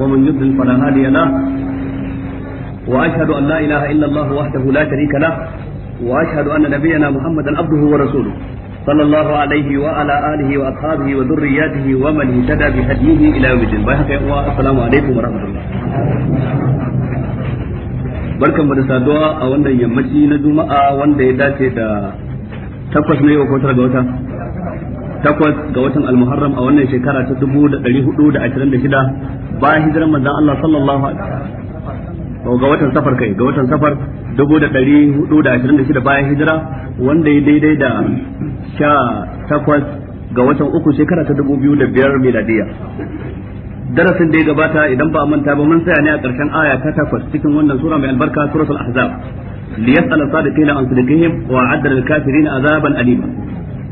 ومن يضلل فلا هادي له واشهد ان لا اله الا الله وحده لا شريك له واشهد ان نبينا محمدا عبده ورسوله صلى الله عليه وعلى اله واصحابه وذرياته ومن اهتدى بهديه الى يوم الدين السلام عليكم ورحمه الله barkan mu da saduwa a wannan yammaci na juma'a wanda ya dace da takwas na yau ko tara ga wata takwas ga watan almuharram a wannan shekara ta dubu da ɗari hudu da ashirin da shida bayan hijiran manzan Allah sallallahu alaihi ga watan safar kai ga watan safar dubu da ɗari hudu da ashirin da shida bayan hijira wanda ya daidai da sha takwas ga watan uku shekara ta dubu biyu da biyar miladiya darasin da ya gabata idan ba a manta ba mun tsaya ne a ƙarshen aya ta takwas cikin wannan sura mai albarka suratul ahzab liyas'al sadiqina an sidqihim wa 'addal kafirin azaban alima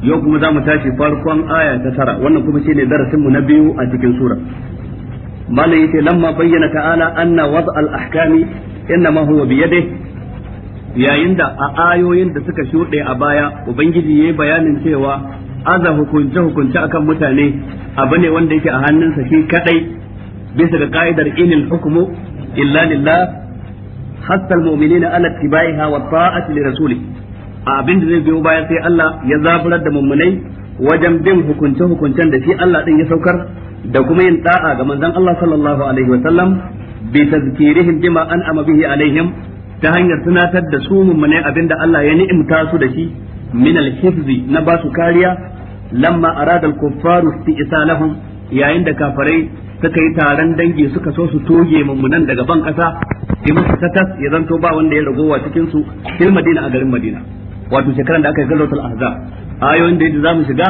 yau kuma za mu tashi farkon aya ta tara wannan kuma shi ne mu na biyu a cikin sura malam yace lamma bayyana ta'ala anna wad al ahkami innama huwa biyade. yayin da a ayoyin da suka shuɗe a baya ubangiji yayi bayanin cewa aza hukunce hukunce akan mutane abu ne wanda yake a hannunsa shi kadai bisa ga ka'idar inil hukumu illa lillah hatta al mu'minina ala tibaiha wa ta'ati li rasulih abin da zai biyo baya sai Allah ya zaburar da mummunai wajen bin hukunce hukuncen da shi Allah din ya saukar da kuma yin da'a ga manzon Allah sallallahu alaihi wa sallam bi tazkirihim bima an'ama bihi alaihim ta hanyar tunatar da su mummunai abin da Allah ya ni'imta su da shi min al-hifzi na ba su kariya lamma arada al-kuffaru isti'salahum yayin da kafirai suka yi taron dangi suka so su toge mummunan daga ban kasa yi musu tatas ya zanto ba wanda ya ragowa cikin su fil madina a garin madina wato shekaran da aka yi gazwatul ahzab ayoyin da yadda mu shiga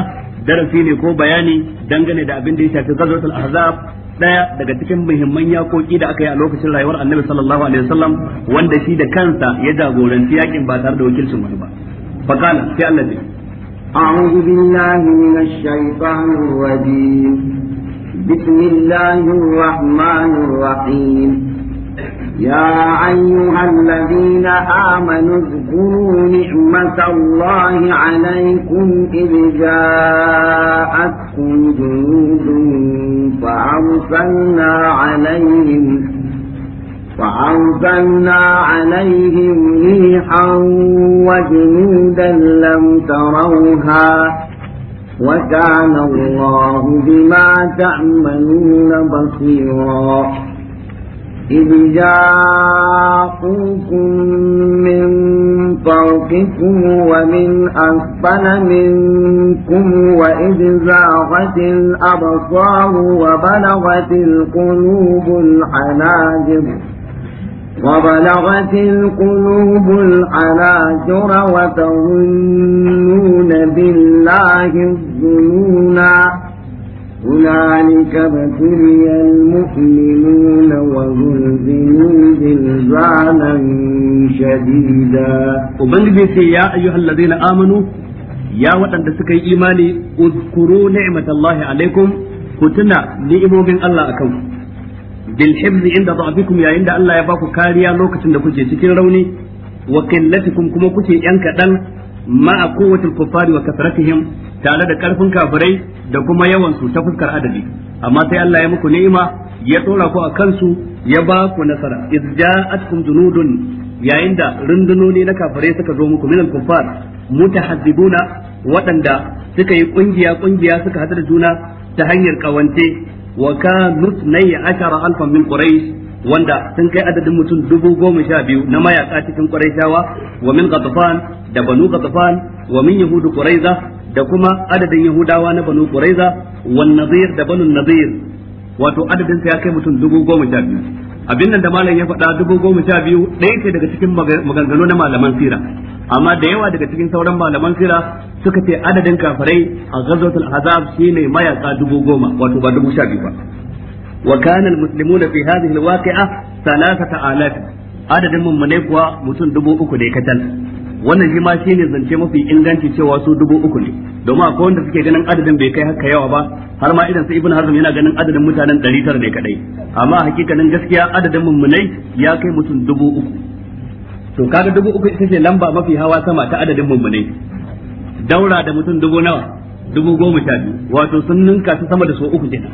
darasi ne ko bayani dangane da abin da ya shafi gazwatul ahzab daya daga cikin muhimman yakoki da aka yi a lokacin rayuwar annabi sallallahu alaihi wasallam wanda shi da kansa ya jagoranci yakin ba tare da wakilcin wani ba fakala sai Allah ne أعوذ بالله من الشيطان الرجيم بسم الله الرحمن الرحيم يا أيها الذين آمنوا اذكروا نعمة الله عليكم إذ جاءتكم جنود فأرسلنا عليهم فأرسلنا عليهم ريحا وجنودا لم تروها وكان الله بما تعملون بصيرا إذ جاءوكم من فوقكم ومن أسفل منكم وإذ زاغت الأبصار وبلغت القلوب الحناجر وبلغت القلوب الحناجر وتظنون بالله الظنونا هنالك ابتلي المؤمنون وزلزلوا زلزالا شديدا وبنجد يا أيها الذين آمنوا يا وطن تسكي إيماني اذكروا نعمة الله عليكم كتنا نعمة الله أكم بالحفظ عند ضعفكم يا عند الله يباكو كاريا لوكتن لكوشي سكين روني وقلتكم كما كوشي ينكتن a kowace kuffari wa kasratihim tare da karfin kafirai da kuma yawan su ta fuskar adadi amma sai Allah ya muku ni'ima ya tsora ku a kansu ya ba ku nasara iz ja'atkum junudun yayin da rundunoni na kafirai suka zo muku minan kuffar mutahaddibuna waɗanda suka yi kungiya kungiya suka hadu da juna ta hanyar kawance wa kanut nay ashara alfan min quraish wanda sun kai adadin mutum dubu goma sha biyu na mayaka cikin Qurayshawa wa min Ghatafan da Banu Ghatafan wa min Yahudu Qurayza da kuma adadin Yahudawa na Banu Qurayza wa nazir da Banu nazir. wato adadin sa ya kai mutum dubu goma sha biyu abin nan da malam ya faɗa dubu goma sha biyu ɗaya ce daga cikin maganganu na malaman sira amma da yawa daga cikin sauran malaman sira suka ce adadin kafirai a ghazwatul azab shine mayaka dubu goma wato ba dubu sha biyu ba وكان المسلمون في هذه الواقعة ثلاثة آلاف عدد من منيكوا متون دبو أكو دي كتل وانا shi شيني زنشي مفي zance mafi inganci cewa su dubu uku ne domin akwai wanda suke ganin adadin bai kai haka yawa ba har ma idan متانا دليتر دي yana ganin adadin mutanen ɗari tara ne kadai amma hakikanin gaskiya adadin to kaga dubu uku ita ce lamba mafi hawa sama ta adadin mummunai daura da mutum dubu nawa dubu goma sha biyu wato sun ninka su sama da su uku kenan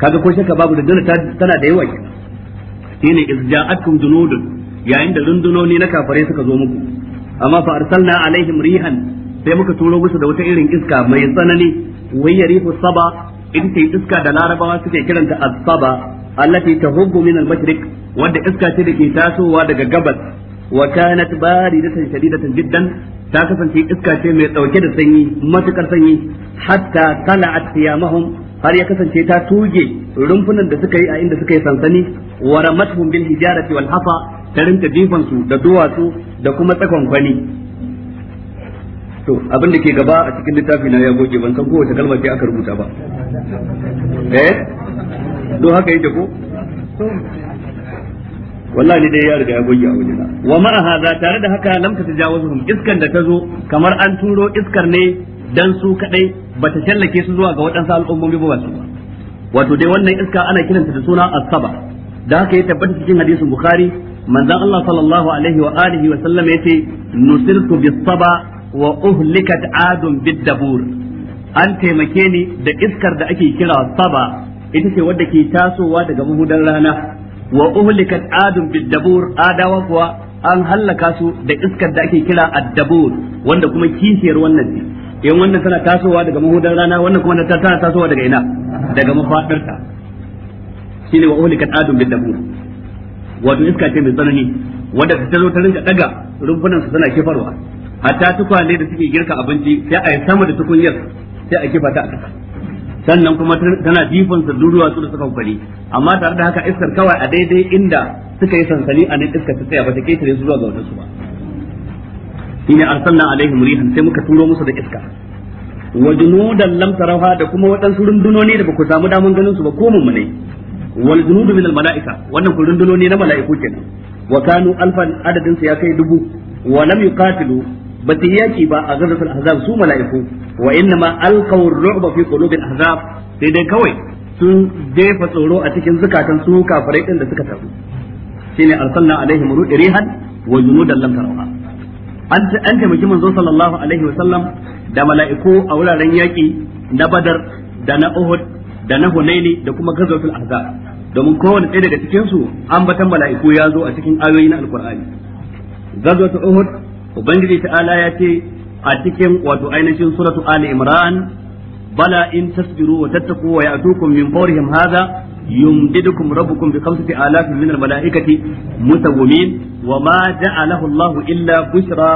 kaga ko shakka babu da dole tana da yawa kenan shine izja'atkum junudun yayin da rundunoni na kafare suka zo muku amma fa arsalna alaihim rihan sai muka turo musu da wata irin iska mai tsanani wayyarifu saba in ta iska da larabawa suke kiranta as-saba allati tahubbu min al-mashriq wanda iska ce da ke tasowa daga gabas wa kanat baridatan shadidatan jiddan ta kasance iska ce mai dauke da sanyi matukar sanyi hatta tala'at siyamahum har ya kasance ta tuge rumfunan da suka yi a inda suka yi sansani wa ramatuhum bil hijarati wal hafa ta rinka jifan su da duwatsu da kuma tsakon kwani to abin da ke gaba a cikin littafi na ya goge ban san kowace kalmar ce aka rubuta ba eh do haka yake ko wallahi ne dai ya riga ya goge a wajena wa ma'a hadha tare da haka lam tatajawazhum iskan da tazo kamar an turo iskar ne dan su kadai bata tallake su zuwa ga waɗansu al'ummomi ba su wato dai wannan iska ana kiranta da suna asaba da haka ya tabbata cikin hadisin bukhari manzon Allah sallallahu alaihi wa alihi wa sallam yace nusirtu bisaba saba wa uhlikat adun bid an taimake ni da iskar da ake kira saba ita ce wadda ke tasowa daga mahudan rana wa uhlikat adun bid adawa kuwa an hallaka su da iskar da ake kira addabur wanda kuma kishiyar wannan ce in wannan tana tasowa daga mahudan rana wannan kuma tana tasowa daga ina daga mafadarta ne wa uhlikat adum bin dabur wato iska ce mai tsanani wanda ta zo ta rinka daga rumfunan su tana kifarwa hatta tukwane da suke girka abinci sai a yi sama da tukunyar sai a kifa ta a kasa sannan kuma tana jifan sa duruwa su da suka kwari amma tare da haka iskar kawai a daidai inda suka yi sansani a nan iska ta tsaya ba ta ketare zuwa ga wata su ba shine arsalna alaihim rihan sai muka turo musu da iska wa junudan lam tarawha da kuma waɗansu rundunoni da baku samu daman ganin su ba ko mun ne wal junudu min al malaika wannan ku rundunoni na malaiku kenan wa kanu alfan adadin su ya kai dubu wa lam yuqatilu ba su yaki ba a gazatul ahzab su malaiku wa inna ma alqaw ar-ru'ba fi qulubil ahzab sai dai kawai sun jefa tsoro a cikin zukatan su kafirai din da suka tafi shine arsalna alaihim rihan wa junudan lam tarawha an taimaki manzo sallallahu alaihi wa sallam da mala'iku a wuraren yaki na Badar da na Uhud da na Hunaini da kuma gazawatul Ahzab domin kowane ɗaya daga cikin su ambatan mala'iku ya zo a cikin ayoyi na Alkur'ani Ghazwatul Uhud ubangiji ta'ala ya ce a cikin wato ainihin suratu Ali Imran bala in tasbiru wa tattaqu wa ya'tukum min fawrihim hadha يمددكم ربكم بخمسة آلاف من الملائكة مسومين وما جعله الله إلا بشرى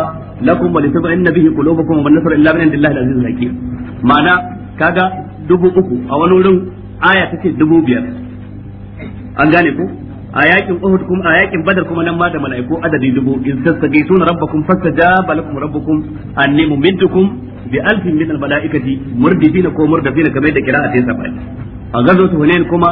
لكم ولتطمئن به قلوبكم وما النصر إلا من عند الله العزيز الحكيم معنى كاغا دبو أكو أو نورن آية تكي دبو بيار أنجانكو a yakin Uhud kuma a yakin Badar kuma nan mada da mala'iku adadi dubu in tastaghithuna rabbakum fastajaba lakum rabbukum anni mumiddukum bi alfin min almalaikati murdifina ko murdifina kamar da kira'a ta sabai a kuma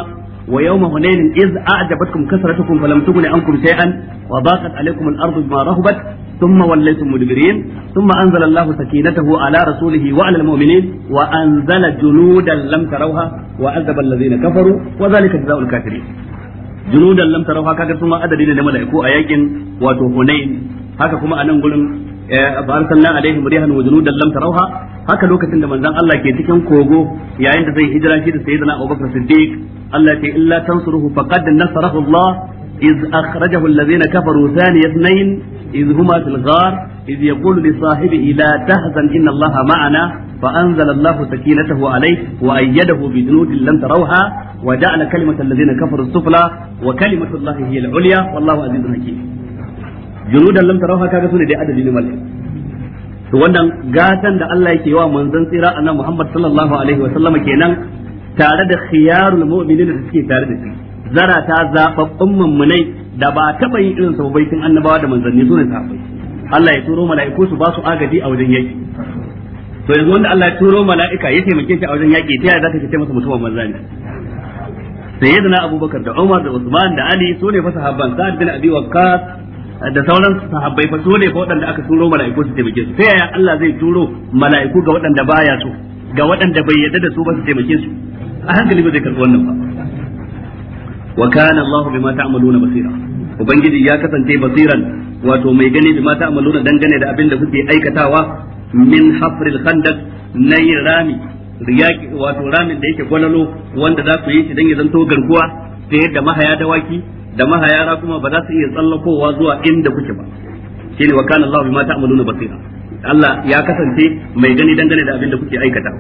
ويوم هنين إذ أعجبتكم كثرتكم فلم تغن عنكم شيئا وضاقت عليكم الأرض بما رهبت ثم وليتم مدبرين ثم أنزل الله سكينته على رسوله وعلى المؤمنين وأنزل جنودا لم تروها وعذب الذين كفروا وذلك جزاء الكافرين جنودا لم تروها كافر ثم أدري لملائكو أياكين وتهنين haka kuma a nan gurin Eh, fa arsalna alaihim rihan wa junudan lam tarawha haka lokacin da manzon Allah ke cikin kogo yayin da zai hijira shi da sayyidina bakar Siddiq Allah ya illa tansuruhu faqad nasarahu Allah iz akhrajahu alladhina kafaru thani ithnain iz huma fil ghar iz yaqulu li sahibihi la tahzan inna Allah ma'ana فأنزل الله سكينته عليه وأيده بجنود لم تروها وجعل كلمة الذين كفروا السفلى وكلمة الله هي العليا والله عزيز حكيم junudan lam tarawha kaga sune dai adadi ne malaka to wannan gatan da Allah yake wa manzon tsira annabi Muhammad sallallahu alaihi wa sallama kenan tare da khiyarul mu'minin da suke tare da shi Zara ta zababbun mummunai da ba taba yin irin sababai tun annabawa da manzanni sune sahabbai Allah ya turo mala'iku su ba su agadi a wajen yaki to yanzu wanda Allah ya turo mala'ika ya taimake shi a wajen yaki ta yaya zaka ce masa mutumin manzani sayyidina abubakar da umar da usman da ali sune fa sahabban sa'ad bin abi waqqas da sauran sahabbai fa su ne fa waɗanda aka turo mala'iku su taimake su sai yaya Allah zai turo mala'iku ga waɗanda baya so ga waɗanda bai yadda da su ba su taimake su a hankali ba zai karɓi wannan ba wa kana Allah bima ta'maluna basira ubangiji ya kasance basiran wato mai gani bima ta'maluna dangane da abin da kuke aikatawa min hafril khandaq na rami riyaki wato ramin da yake gwalalo wanda za ku yi shi dan ya zanto garkuwa ta yadda mahaya dawaki da mahayara kuma ba za su iya tsallakowa zuwa inda kuke ba shine wa kana Allahu bima ta'maluna basira Allah ya kasance mai gani dangane da abin da kuke aikata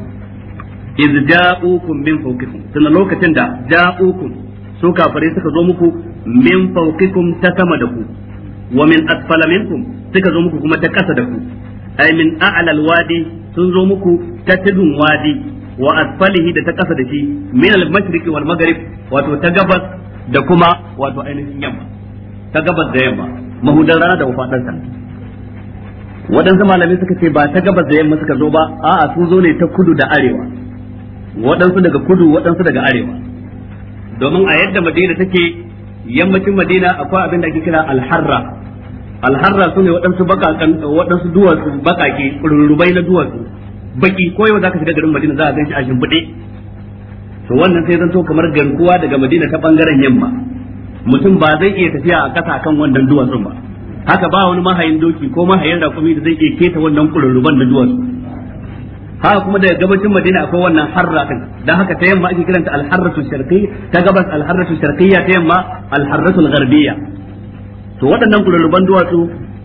iz ja'ukum min fawqikum tunan lokacin da ja'ukum su kafare suka zo muku min fawqikum ta sama da ku wa min asfala minkum suka zo muku kuma ta kasa da ku ay min a'la alwadi sun zo muku ta tudun wadi wa asfalihi da ta kasa da shi min al-mashriqi wal maghrib wato ta gabas da kuma wato ainihin yamma ta gabas da yamma mahudan rana da sa waɗansu malamai suka ce ba ta gabas da yamma suka zo ba a'a sun zo ne ta kudu da arewa waɗansu daga kudu waɗansu daga arewa domin a yadda madina take yammacin madina akwai abin da ake kira alharra alharra su ne waɗansu bakakan waɗansu duwatsu bakake rurubai na duwatsu baki ko yau zaka shiga garin madina za a ganshi a shimbiɗe to wannan sai zan to kamar garkuwa daga madina ta bangaren yamma mutum ba zai iya tafiya a ƙasa kan wannan duwatsun ba haka ba wani mahayin doki ko mahayin rakumi da zai iya keta wannan kururruban da duwatsu haka kuma daga gabacin madina akwai wannan harra din dan haka ta yamma ake kiranta al-harratu sharqiyya ta gabas al-harratu sharqiyya ta yamma al-harratu al-gharbiyya to waɗannan kururruban duwatsu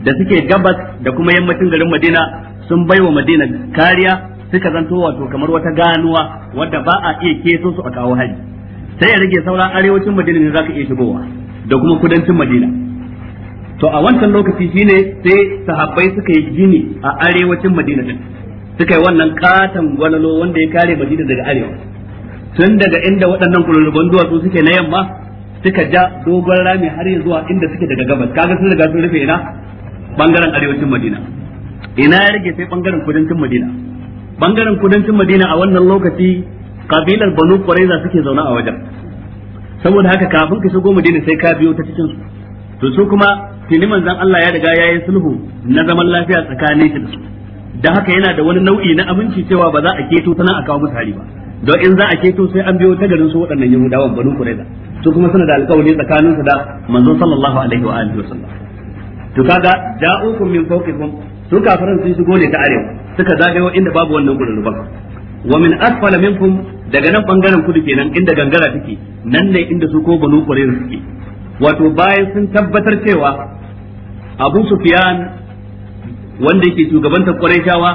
da suke gabas da kuma yammacin garin madina sun baiwa madina kariya suka zanto wato kamar wata ganuwa wadda ba a iya keso su a kawo hari sai ya rage sauran arewacin madina ne zaka iya shigowa da kuma kudancin madina to a wancan lokaci shine sai sahabbai suka yi gini a arewacin madina din suka yi wannan katon gwalalo wanda ya kare madina daga arewa tun daga inda waɗannan zuwa su suke na yamma suka ja dogon rami har ya zuwa inda suke daga gabas kaga sun riga sun rufe ina bangaren arewacin madina ina ya rage sai bangaren kudancin madina bangaren kudancin madina a wannan lokaci kabilar banu quraiza suke zaune a wajen saboda haka kafin ka shigo madina sai ka biyo ta cikin su to su kuma tuni zan Allah ya riga yayin sulhu na zaman lafiya tsakanin shi da haka yana da wani nau'i na aminci cewa ba za a keto ta nan a kawo musu hari ba don in za a keto sai an biyo ta garin su waɗannan yahudawan banu quraiza su kuma suna da alƙawari tsakanin su da manzon sallallahu alaihi wa alihi wasallam to kaga ja'ukum min fawqikum su kafiran sun shigo ne ta arewa suka zagayo inda babu wannan gurin ba wa min asfala minkum daga nan bangaren kudu kenan inda gangara take nan ne inda su ko banu qurayza suke wato bayan sun tabbatar cewa Abu Sufyan wanda yake shugabantar Qurayshawa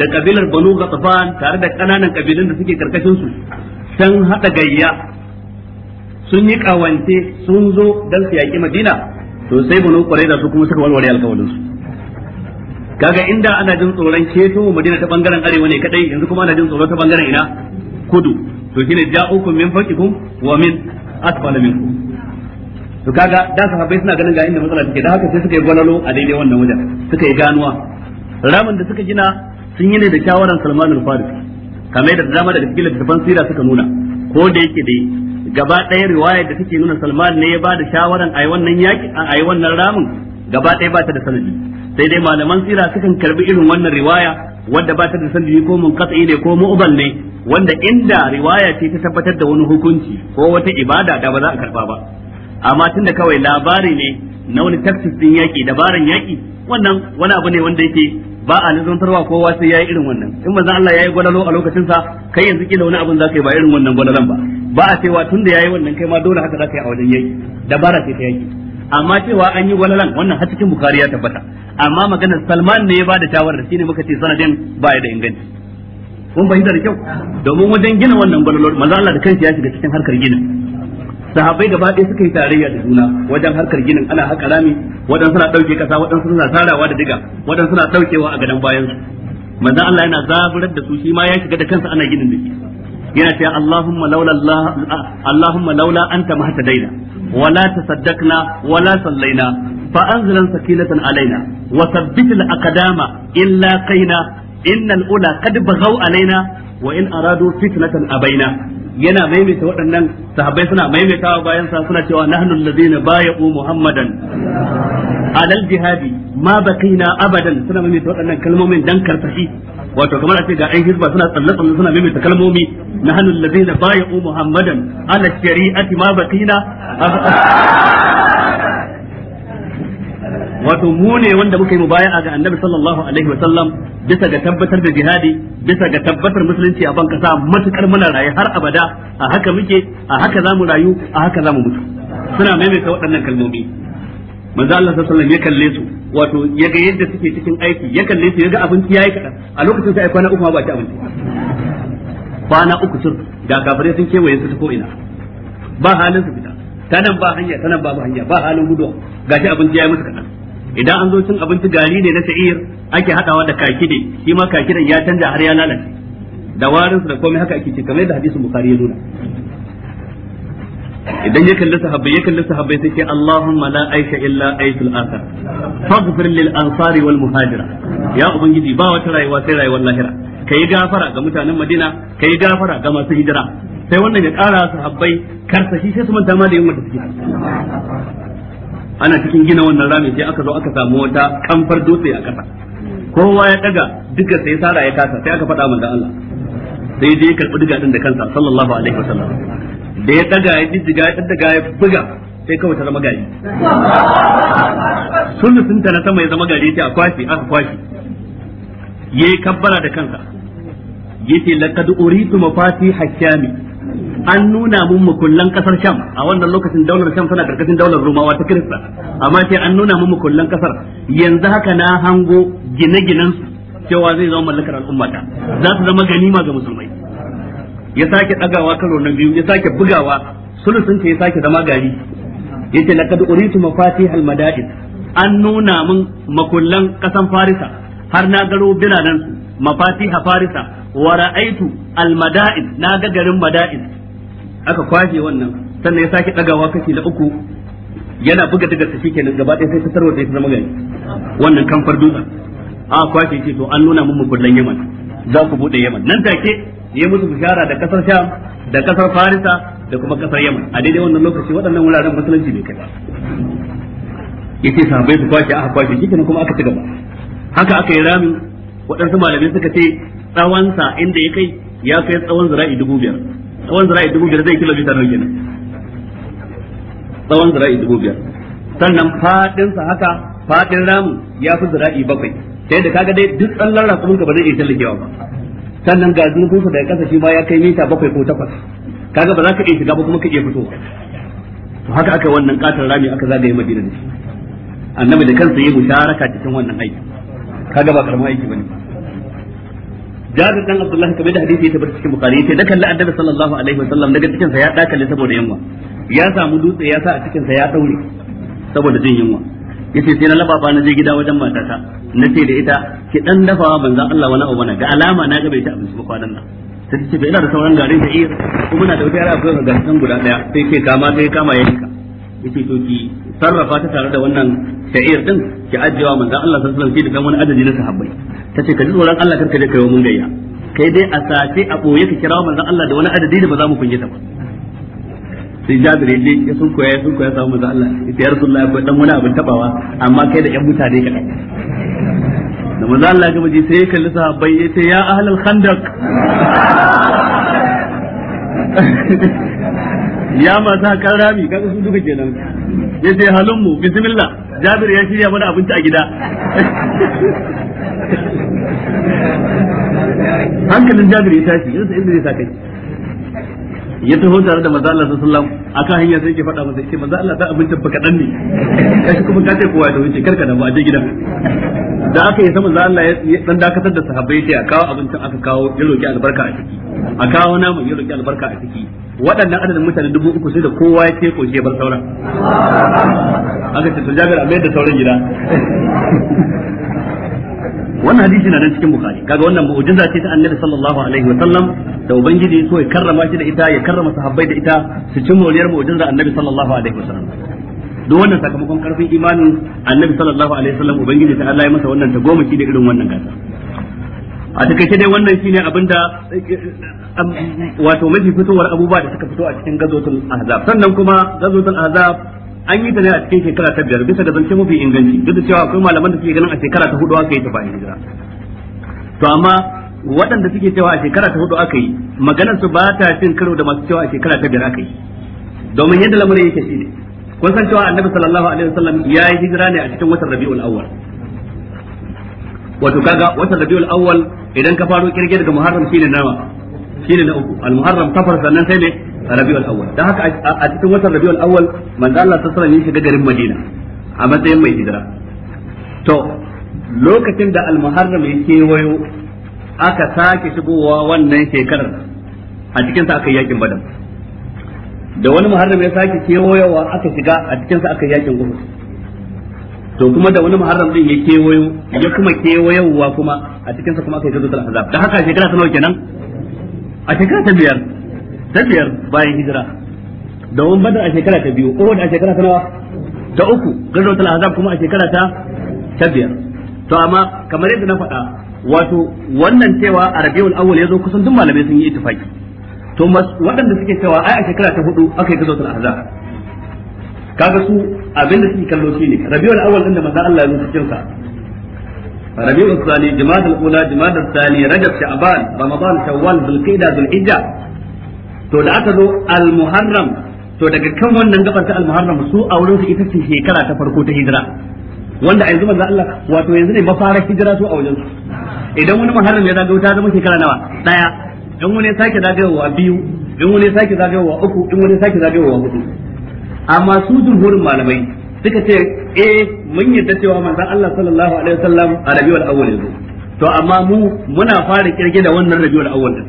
da kabilar Banu Ghatafan tare da kananan kabilun da suke karkashin su sun hada gayya sun yi kawance sun zo dan su Madina to sai Banu Qurayza su kuma suka walwale alƙawarin su kaga inda ana jin tsoron keto madina ta bangaren arewa ne kadai yanzu kuma ana jin tsoro ta bangaren ina kudu to shine ja'ukum min faqikum wa min asfal minkum to kaga da sahabbai suna ganin ga inda matsala take da haka sai suka yi gwalalo a daidai wannan wajen suka yi ganuwa ramin da suka gina sun yi ne da shawaran Salman al-Farisi kamar da dama daga cikin littattafan sira suka nuna ko da yake dai gaba ɗaya riwayar da take nuna Salman ne ya ba da shawaran ayi wannan yaki ayi wannan ramin gaba ɗaya ba ta da sanadi sai dai malaman tsira sukan karbi irin wannan riwaya wanda ba ta da sanadi ko mun katsi ne ko mu'bal ne wanda inda riwaya ce ta tabbatar da wani hukunci ko wata ibada da ba za a karba ba amma tunda kawai labari ne na wani taktis din yaki dabaran yaki wannan wani abu ne wanda yake ba a nazantarwa kowa sai yayi irin wannan in manzon Allah yayi gwalalo a lokacin sa kai yanzu kila wani abin zaka yi ba irin wannan gwalalan ba ba a cewa tunda yayi wannan kai ma dole haka zaka yi a wajen yaki dabara ce ta yaki amma cewa an yi walalan wannan har cikin bukari ya tabbata amma maganar salman ne ya bada shawarar shine muka ce sanadin ba ya da inganci kun fahimta da kyau domin wajen gina wannan gwalolor maza Allah da kansa ya shiga cikin harkar ginin sahabbai gaba ɗaya suka yi tarayya da juna wajen harkar ginin ana haka rami waɗansu na ɗauke ƙasa waɗansu suna sarawa da diga waɗansu na ɗaukewa a gadon bayansu maza Allah yana zaburar da su shi ma ya shiga da kansa ana ginin da shi yana cewa Allahumma laula Allahumma laula anta mahtadaina wala tasaddaqna wala sallaina fa anzilan sakinatan alaina wa thabbit al illa qaina innal ula qad baghaw alaina wa in aradu fitnatan abaina yana maimaita waɗannan sahabbai suna maimaitawa bayan sa suna cewa nahnu allazina bay'u muhammadan alal jihadi ma baqina abadan suna maimaita waɗannan kalmomin dan karfashi wato kamar a ce ga ɗan hizba suna tsalle tsalle suna maimaita kalmomi nahnu allazina bay'u muhammadan ala shari'ati ma baqina wato mu ne wanda muka yi mubaya'a ga annabi sallallahu alaihi wasallam bisa ga tabbatar da jihadi bisa ga tabbatar musulunci a ban kasa matukar muna rayu har abada a haka muke a haka zamu rayu a haka zamu mutu suna maimaita waɗannan kalmomi manzo Allah sallallahu alaihi wasallam ya kalle su wato ya ga yadda suke cikin aiki ya kalle su ya ga abinci yayi kada a lokacin sai kwana uku ma ba ta abinci kwana uku sun ga gafare sun kewaye su ta ko ina ba halin su fita ta nan ba hanya ta nan ba hanya ba halin gudu gashi abinci yayi musu kaɗan. idan an zo cin abinci gari ne na sa'ir ake hadawa da kaki ne, shi ma kaki ya canja har ya lalace da warin da komai haka ake ci kamar da hadisin bukhari ya nuna idan ya kalli sahabbai ya kalli sahabbai sai ce Allahumma la aisha illa aisul akhir faghfir lil ansari wal muhajira ya ubangiji ba wata rayuwa sai rayuwar lahira kai gafara ga mutanen Madina kai gafara ga masu hijira sai wannan ya kara sahabbai shi, sai su manta ma da yunwa da ana cikin gina wannan rami sai aka zo aka samu wata kamfar dutse a kasa kowa ya daga duka sai sara ya kasa sai aka faɗa mun da Allah sai dai karɓi diga din da kansa sallallahu alaihi wasallam da ya daga ya jijjiga ya daga ya buga sai kawai ta zama gari Sun ta na sama ya zama gari ta a kwashi aka kwashi yayi kabbara da kansa yace laqad uritu mafatiha kyami an nuna mun mukullan kasar sham a wannan lokacin daular sham tana karkashin daular rumawa ta kirista amma sai an nuna mun mukullan kasar yanzu haka na hango gine-ginen cewa zai zama mallakar al'ummata za su zama ganima ga musulmai ya sake dagawa karo na biyu ya sake bugawa sulusun ya sake zama gari yace laqad uritu mafatihal madain an nuna mun makullan kasan farisa har na garo biranen su mafatiha farisa wa ra'aitu al madain na ga garin madain aka kwashe wannan sannan ya sake dagawa kashi na uku yana buga daga ta shi kenan gaba ɗaya sai ta tarwata ta zama gari wannan kamfar dutsen a kwashe shi to an nuna mun mukullan yaman za ku buɗe yaman nan take ya musu bishara da kasar sham da kasar farisa da kuma kasar yaman a daidai wannan lokaci waɗannan wuraren musulunci bai kai ba ce sahabai su kwashe aka kwashe shi kenan kuma aka ci gaba haka aka yi ramin waɗansu malamai suka ce tsawonsa inda ya kai ya kai tsawon zira'i dubu biyar tsawon zira'i dubu biyar zai kilomita nawa kenan tsawon zira'i dubu biyar sannan fadinsa haka fadin ramu ya fi zira'i bakwai sai da kaga dai duk tsallar rasulun ka ba zai iya tallakewa ba sannan ga zurfinsa daga kasa shi ma ya kai mita bakwai ko takwas kaga ba za ka iya shiga ba kuma ka iya fitowa to haka aka wannan katon rami aka zagaye madina da shi annabi da kansa ya musharaka cikin wannan aiki kaga ba karamin aiki bane ba jabir dan abdullahi kamar da hadisi ya tabbata cikin bukhari yace da kalli annabi sallallahu alaihi wasallam daga cikin sa ya dakalle saboda yunwa ya samu dutse ya sa a cikin sa ya daure saboda jin yunwa yace sai na lababa na je gida wajen matata na ce da ita ki dan dafawa banzan Allah wani abu bana ga alama na ga bai ta abinci ba kwanan nan sai ce bai ina da sauran garin da iya kuma na da wata yara akwai ga guda daya sai ce kama sai kama yanka yace to ki sarrafa ta tare da wannan sha'ir din ki ajiyewa manzon Allah sallallahu alaihi wasallam da wani adadi na sahabbai tace ka ji tsoron Allah kar ka je kai mun gayya kai dai a sace a boye ka kira manzon Allah da wani adadi da ba za mu ta ba sai Jabir yaje ya sun koya sun koya samu manzon Allah ya Rasulullah akwai dan wani abin tabawa amma kai da ƴan mutane ka da manzon Allah ya ji sai ya kalli sahabbai ya ce ya ahlal khandaq ya masu haƙar rami kaga su duka kenan ya ce halin mu bismillah jabir ya shirya mana abinci a gida hankalin jabir ya tashi yanzu inda zai sakai ya taho tare da manzo Allah sallallahu alaihi akan hanya sai ke faɗa masa yace manzo Allah da abinci ba kadan ne kashi kuma ka ce kowa da wuce karka da ba je gida da aka yi sama manzo Allah ya dan dakatar da sahabbai ya kawo abincin aka kawo ya roki albarka a ciki a kawo naman ya roki albarka a ciki waɗannan adadin mutane dubu uku sai da kowa ya ce koke bar sauran aka ga to Jami'ar amma da sauran gida wannan hadisi na nan cikin bukari kaga wannan mu'jiza ce ta annabi sallallahu alaihi wa sallam da ubangiji so ya karrama shi da ita ya karrama sahabbai da ita su cin moriyar mu'jizar annabi sallallahu alaihi wa sallam duk wannan sakamakon karfin imanin annabi sallallahu alaihi wa sallam ubangiji ta Allah ya masa wannan ta goma shi da irin wannan gasa a takaice dai wannan shine abinda eh, eh, eh, wato mafi fitowar abubuwa da suka fito a cikin gazotun azab sannan kuma gazotun azab an yi ta ne a cikin shekara ta biyar bisa ga zance mafi inganci duk da cewa akwai malaman da suke ganin a shekara ta hudu aka yi ta bayan hijira to amma waɗanda suke cewa a shekara ta hudu aka yi maganar su ba ta cin karo da masu cewa a shekara ta biyar aka yi domin yadda lamarin yake shine kun san cewa annabi sallallahu alaihi wasallam ya yi hijira ne a cikin watan rabiul awwal wato kaga watan rabiul awwal idan ka faro kirge daga muharram shine nawa shine na uku al muharram safar sannan sai ne rabiul awwal dan haka a cikin watan rabiul awwal manzo Allah sallallahu alaihi wasallam ya shiga garin Madina a matsayin mai hijira to lokacin da al muharram ya kewayo aka sake shigowa wannan shekarar a cikin sa aka yakin badar da wani muharram ya sake kewayowa aka shiga a cikin sa aka yakin uhud to kuma da wani muharram din ya kewayo ya kuma kewayowa kuma a cikin sa kuma aka yi gazatul azab da haka shekara ta nawa kenan a shekara ta biyar ta biyar bayan hijira da wani badar a shekara ta biyu uhud a shekara ta nawa ta uku ta azab kuma a shekara ta ta biyar to amma kamar yadda na faɗa wato wannan cewa a rabiul awwal yazo kusan duk malamai sun yi ittifaki to waɗanda suke cewa ai a shekara ta hudu aka yi ta azab kaga su abin da suke kallo shine rabiul awwal din da manzo Allah ya cikin sa rabiul thani jumadal ula jumadal thani rajab sha'ban ramadan shawwal zulqa'da zulhijja to da aka zo al muharram to daga kan wannan gabar ta al muharram su a wurin su ita ce shekara ta farko ta hijira wanda a yanzu manzo Allah wato yanzu ne mafarar hijira su a wajen su idan wani muharram ya zagayo ta zama shekara nawa daya in wani sake zagayowa biyu in wani sake zagayowa uku in wani sake zagayowa hudu amma su jumhurin malamai suka ce eh mun yadda cewa manzon Allah sallallahu alaihi wasallam a rabiul awwal yanzu to amma mu muna fara kirge da wannan rabiul awwal din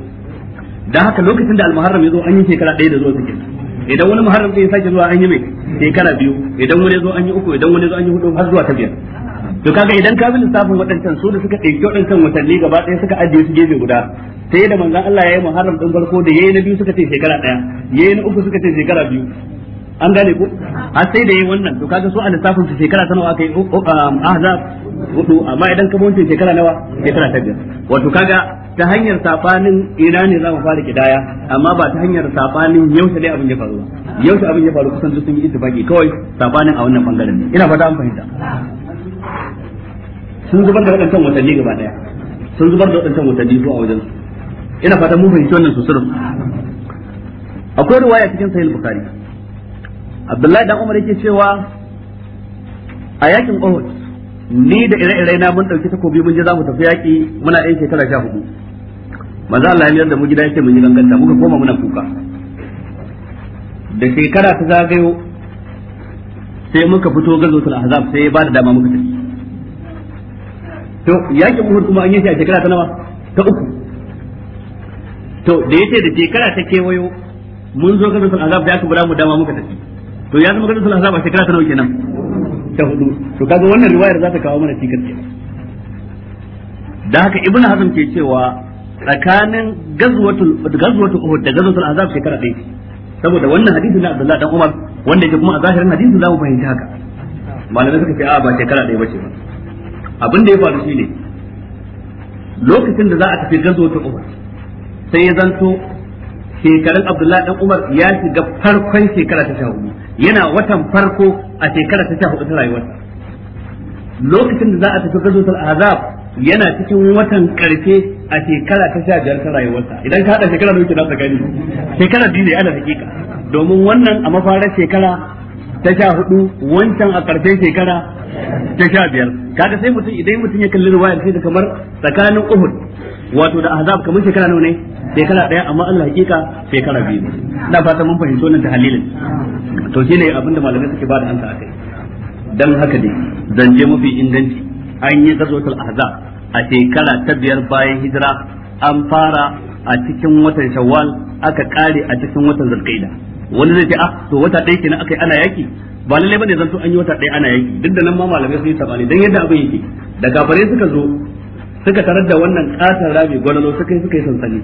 dan haka lokacin da al-muharram yazo an yi shekara ɗaya da zuwa cikin idan wani muharram sai sake zuwa an yi mai shekara biyu idan wani zo an yi uku idan wani zo an yi hudu har zuwa ta biyar to kaga idan ka bin lissafin waɗancan su da suka ɗauki waɗancan watanni gaba ɗaya suka ajiye su gefe guda sai da manzon Allah ya yi muharram ɗin farko da yayi na biyu suka ce shekara ɗaya yayi na uku suka ce shekara biyu an gane ku a sai da yi wannan to kaga so a lissafin su shekara ta nawa kai um, ahzab hudu amma idan ka bonce shekara nawa shekara ta biyar wato kaga ta hanyar safanin ina ne za mu fara kidaya amma ba ta hanyar safanin yaushe dai abin ya faru yaushe abin ya faru kusan sun yi ittifaki kawai safanin a wannan bangaren ne ina fata an fahimta sun zubar da wadancan watanni gaba daya sun zubar da wadancan watanni zuwa wajen ina fata mun fahimci wannan sosai akwai ruwaya cikin sahih bukhari abdullahi dan umar yake cewa a yakin uhud ni da ire-ire na mun dauki takobi mun je za mu tafi yaki muna yan shekara sha hudu manzo Allah ya da mu gida yake mun yi ganganta muka koma muna kuka da shekara ta zagayo sai muka fito gazotul ahzab sai ya bada dama muka tafi to yakin uhud kuma an yi shi a shekara ta nawa ta uku to da yace da shekara ta kewayo mun zo gazotul ahzab da aka bura mu dama muka tafi to ya zama gadon sulhasa ba shekara ta nauke nan? ta hudu to kaga wannan riwayar za ta kawo mana cikin kenan da haka ibnu hazm ke cewa tsakanin gazwatul gazwatul uhud da gazwatul azab shekara ɗaya saboda wannan hadisi na Abdullah dan Umar wanda yake kuma a zahirin hadisi za mu fahimci haka malamai suka ce a ba shekara ɗaya bace ba abin da ya faru shine lokacin da za a tafi gazwatul uhud sai ya zanto shekarun Abdullahi dan Umar ya shiga farkon shekara ta 14 yana watan farko a shekara ta 14 ta rayuwarsa lokacin da za a tafi gazotul azab yana cikin watan karfe a shekara ta biyar ta rayuwarsa idan ka hada shekara da yake na tsakani shekara biyu ne ana hakika domin wannan a mafarar shekara ta sha hudu wancan a karshen shekara ta sha biyar kaga sai mutum idan mutum ya kalli ruwaya sai da kamar tsakanin uhud wato da azab kamar shekara nawa ne shekara daya amma Allah hakika shekara biyu na fata mun fahimci wannan halilin to shine abinda malamai suke ba da hanta akai dan haka ne zance mafi inganci an yi gazotul azab a shekara ta biyar bayan hijira an fara a cikin watan shawwal aka kare a cikin watan zulqaida wani zai ce ah to wata ɗaya kenan akai ana yaki ba lalle bane zanto an yi wata ɗaya ana yaki duk da nan ma malamai sun yi sabani dan yadda abin yake da bare suka zo suka tarar da wannan katar rami gwanano suka yi suka yi sansani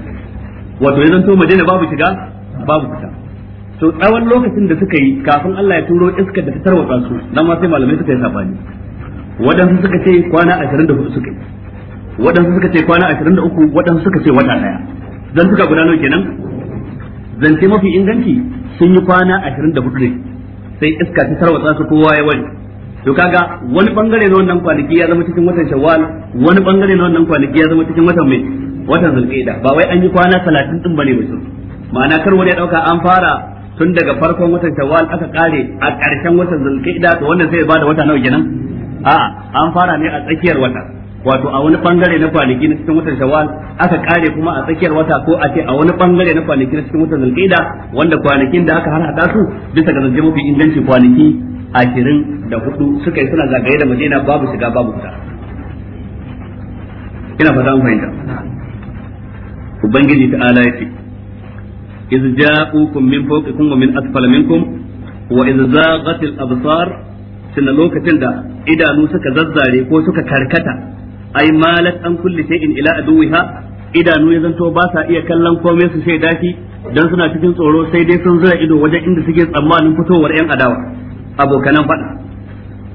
wato ya zanto madina babu shiga babu fita to tsawon lokacin da suka yi kafin Allah ya turo iskar da ta tarwatsa su nan ma sai malamai suka yi sabani wadansu suka ce kwana 24 suka yi wadansu suka ce kwana 23 wadansu suka ce wata daya zan suka gudano nawa kenan zance mafi inganci sun yi kwana 24 ne sai iska ta tarwatsa su kowa ya wani to kaga wani bangare na wannan kwanaki ya zama cikin watan shawwal wani bangare na wannan kwanaki ya zama cikin watan mai watan zulqa'ida ba wai an yi kwana 30 din bane mutum ma'ana kar wani ya dauka an fara tun daga farkon watan shawwal aka kare a ƙarshen watan zulqa'ida to wannan sai ya bada wata nawa kenan a'a an fara ne a tsakiyar wata wato a wani bangare na kwanaki na cikin watan shawwal aka kare kuma a tsakiyar wata ko a ce a wani bangare na kwanaki na cikin watan zulqa'ida wanda kwanakin da aka harhaɗa su bisa ga zance mafi inganci kwanaki ashirin da hudu suka yi suna zagaye da madina babu shiga babu fita ina fata mu fahimta ubangiji ta ala yace iz ja'ukum min fawqikum wa min asfala minkum wa iz zaghatil absar suna lokacin da idanu suka zazzare ko suka karkata ai malat an kulli shay'in ila aduwiha idanu ya zanto ba sa iya kallon komai su sai dafi dan suna cikin tsoro sai dai sun zura ido wajen inda suke tsammanin fitowar yan adawa abokanan faɗa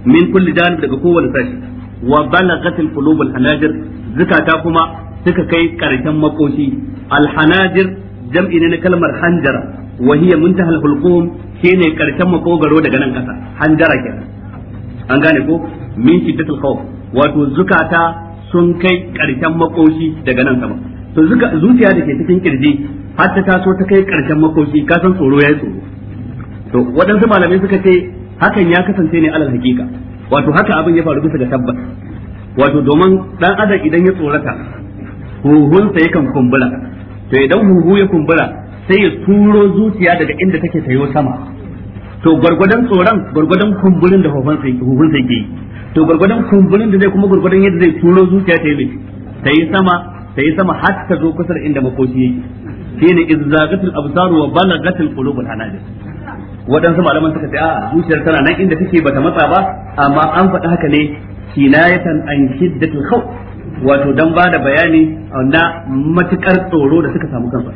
min kulli janib daga kowane sashi wa balagatil qulubul hanajir zukata kuma suka kai karshen makoshi al hanajir jam'i ne na kalmar hanjara wa hiya muntahal hulqum shine karshen makogaro daga nan kasa hanjara ke. an gane ko min shiddatil khawf wato zukata sun kai karshen makoshi daga nan sama to zuciya da ke cikin kirji har ta taso ta kai karshen makoshi ka san tsoro yayi tsoro to waɗansu malamai suka ce hakan ya kasance ne alal hakika wato haka abin ya faru bisa ga tabbas wato domin dan adam idan ya tsorata huhunsa yakan kumbura to idan huhu ya kumbura sai ya turo zuciya daga inda take tayo sama to gwargwadon tsoron gwargwadon kumburin da huhunsa yake yi to gwargwadon kumburin da zai kuma gwargwadon yadda zai turo zuciya ta yi ta yi sama ta yi sama har ta zo kusa da inda makoshi yake shine izzaqatul absar wa balagatul qulubul hanajir waɗansu malaman suka ce a zuciyar tana nan inda take bata matsa ba amma an faɗi haka ne kinayatan an hiddatul khawf wato dan bada da bayani na matukar tsoro da suka samu kansu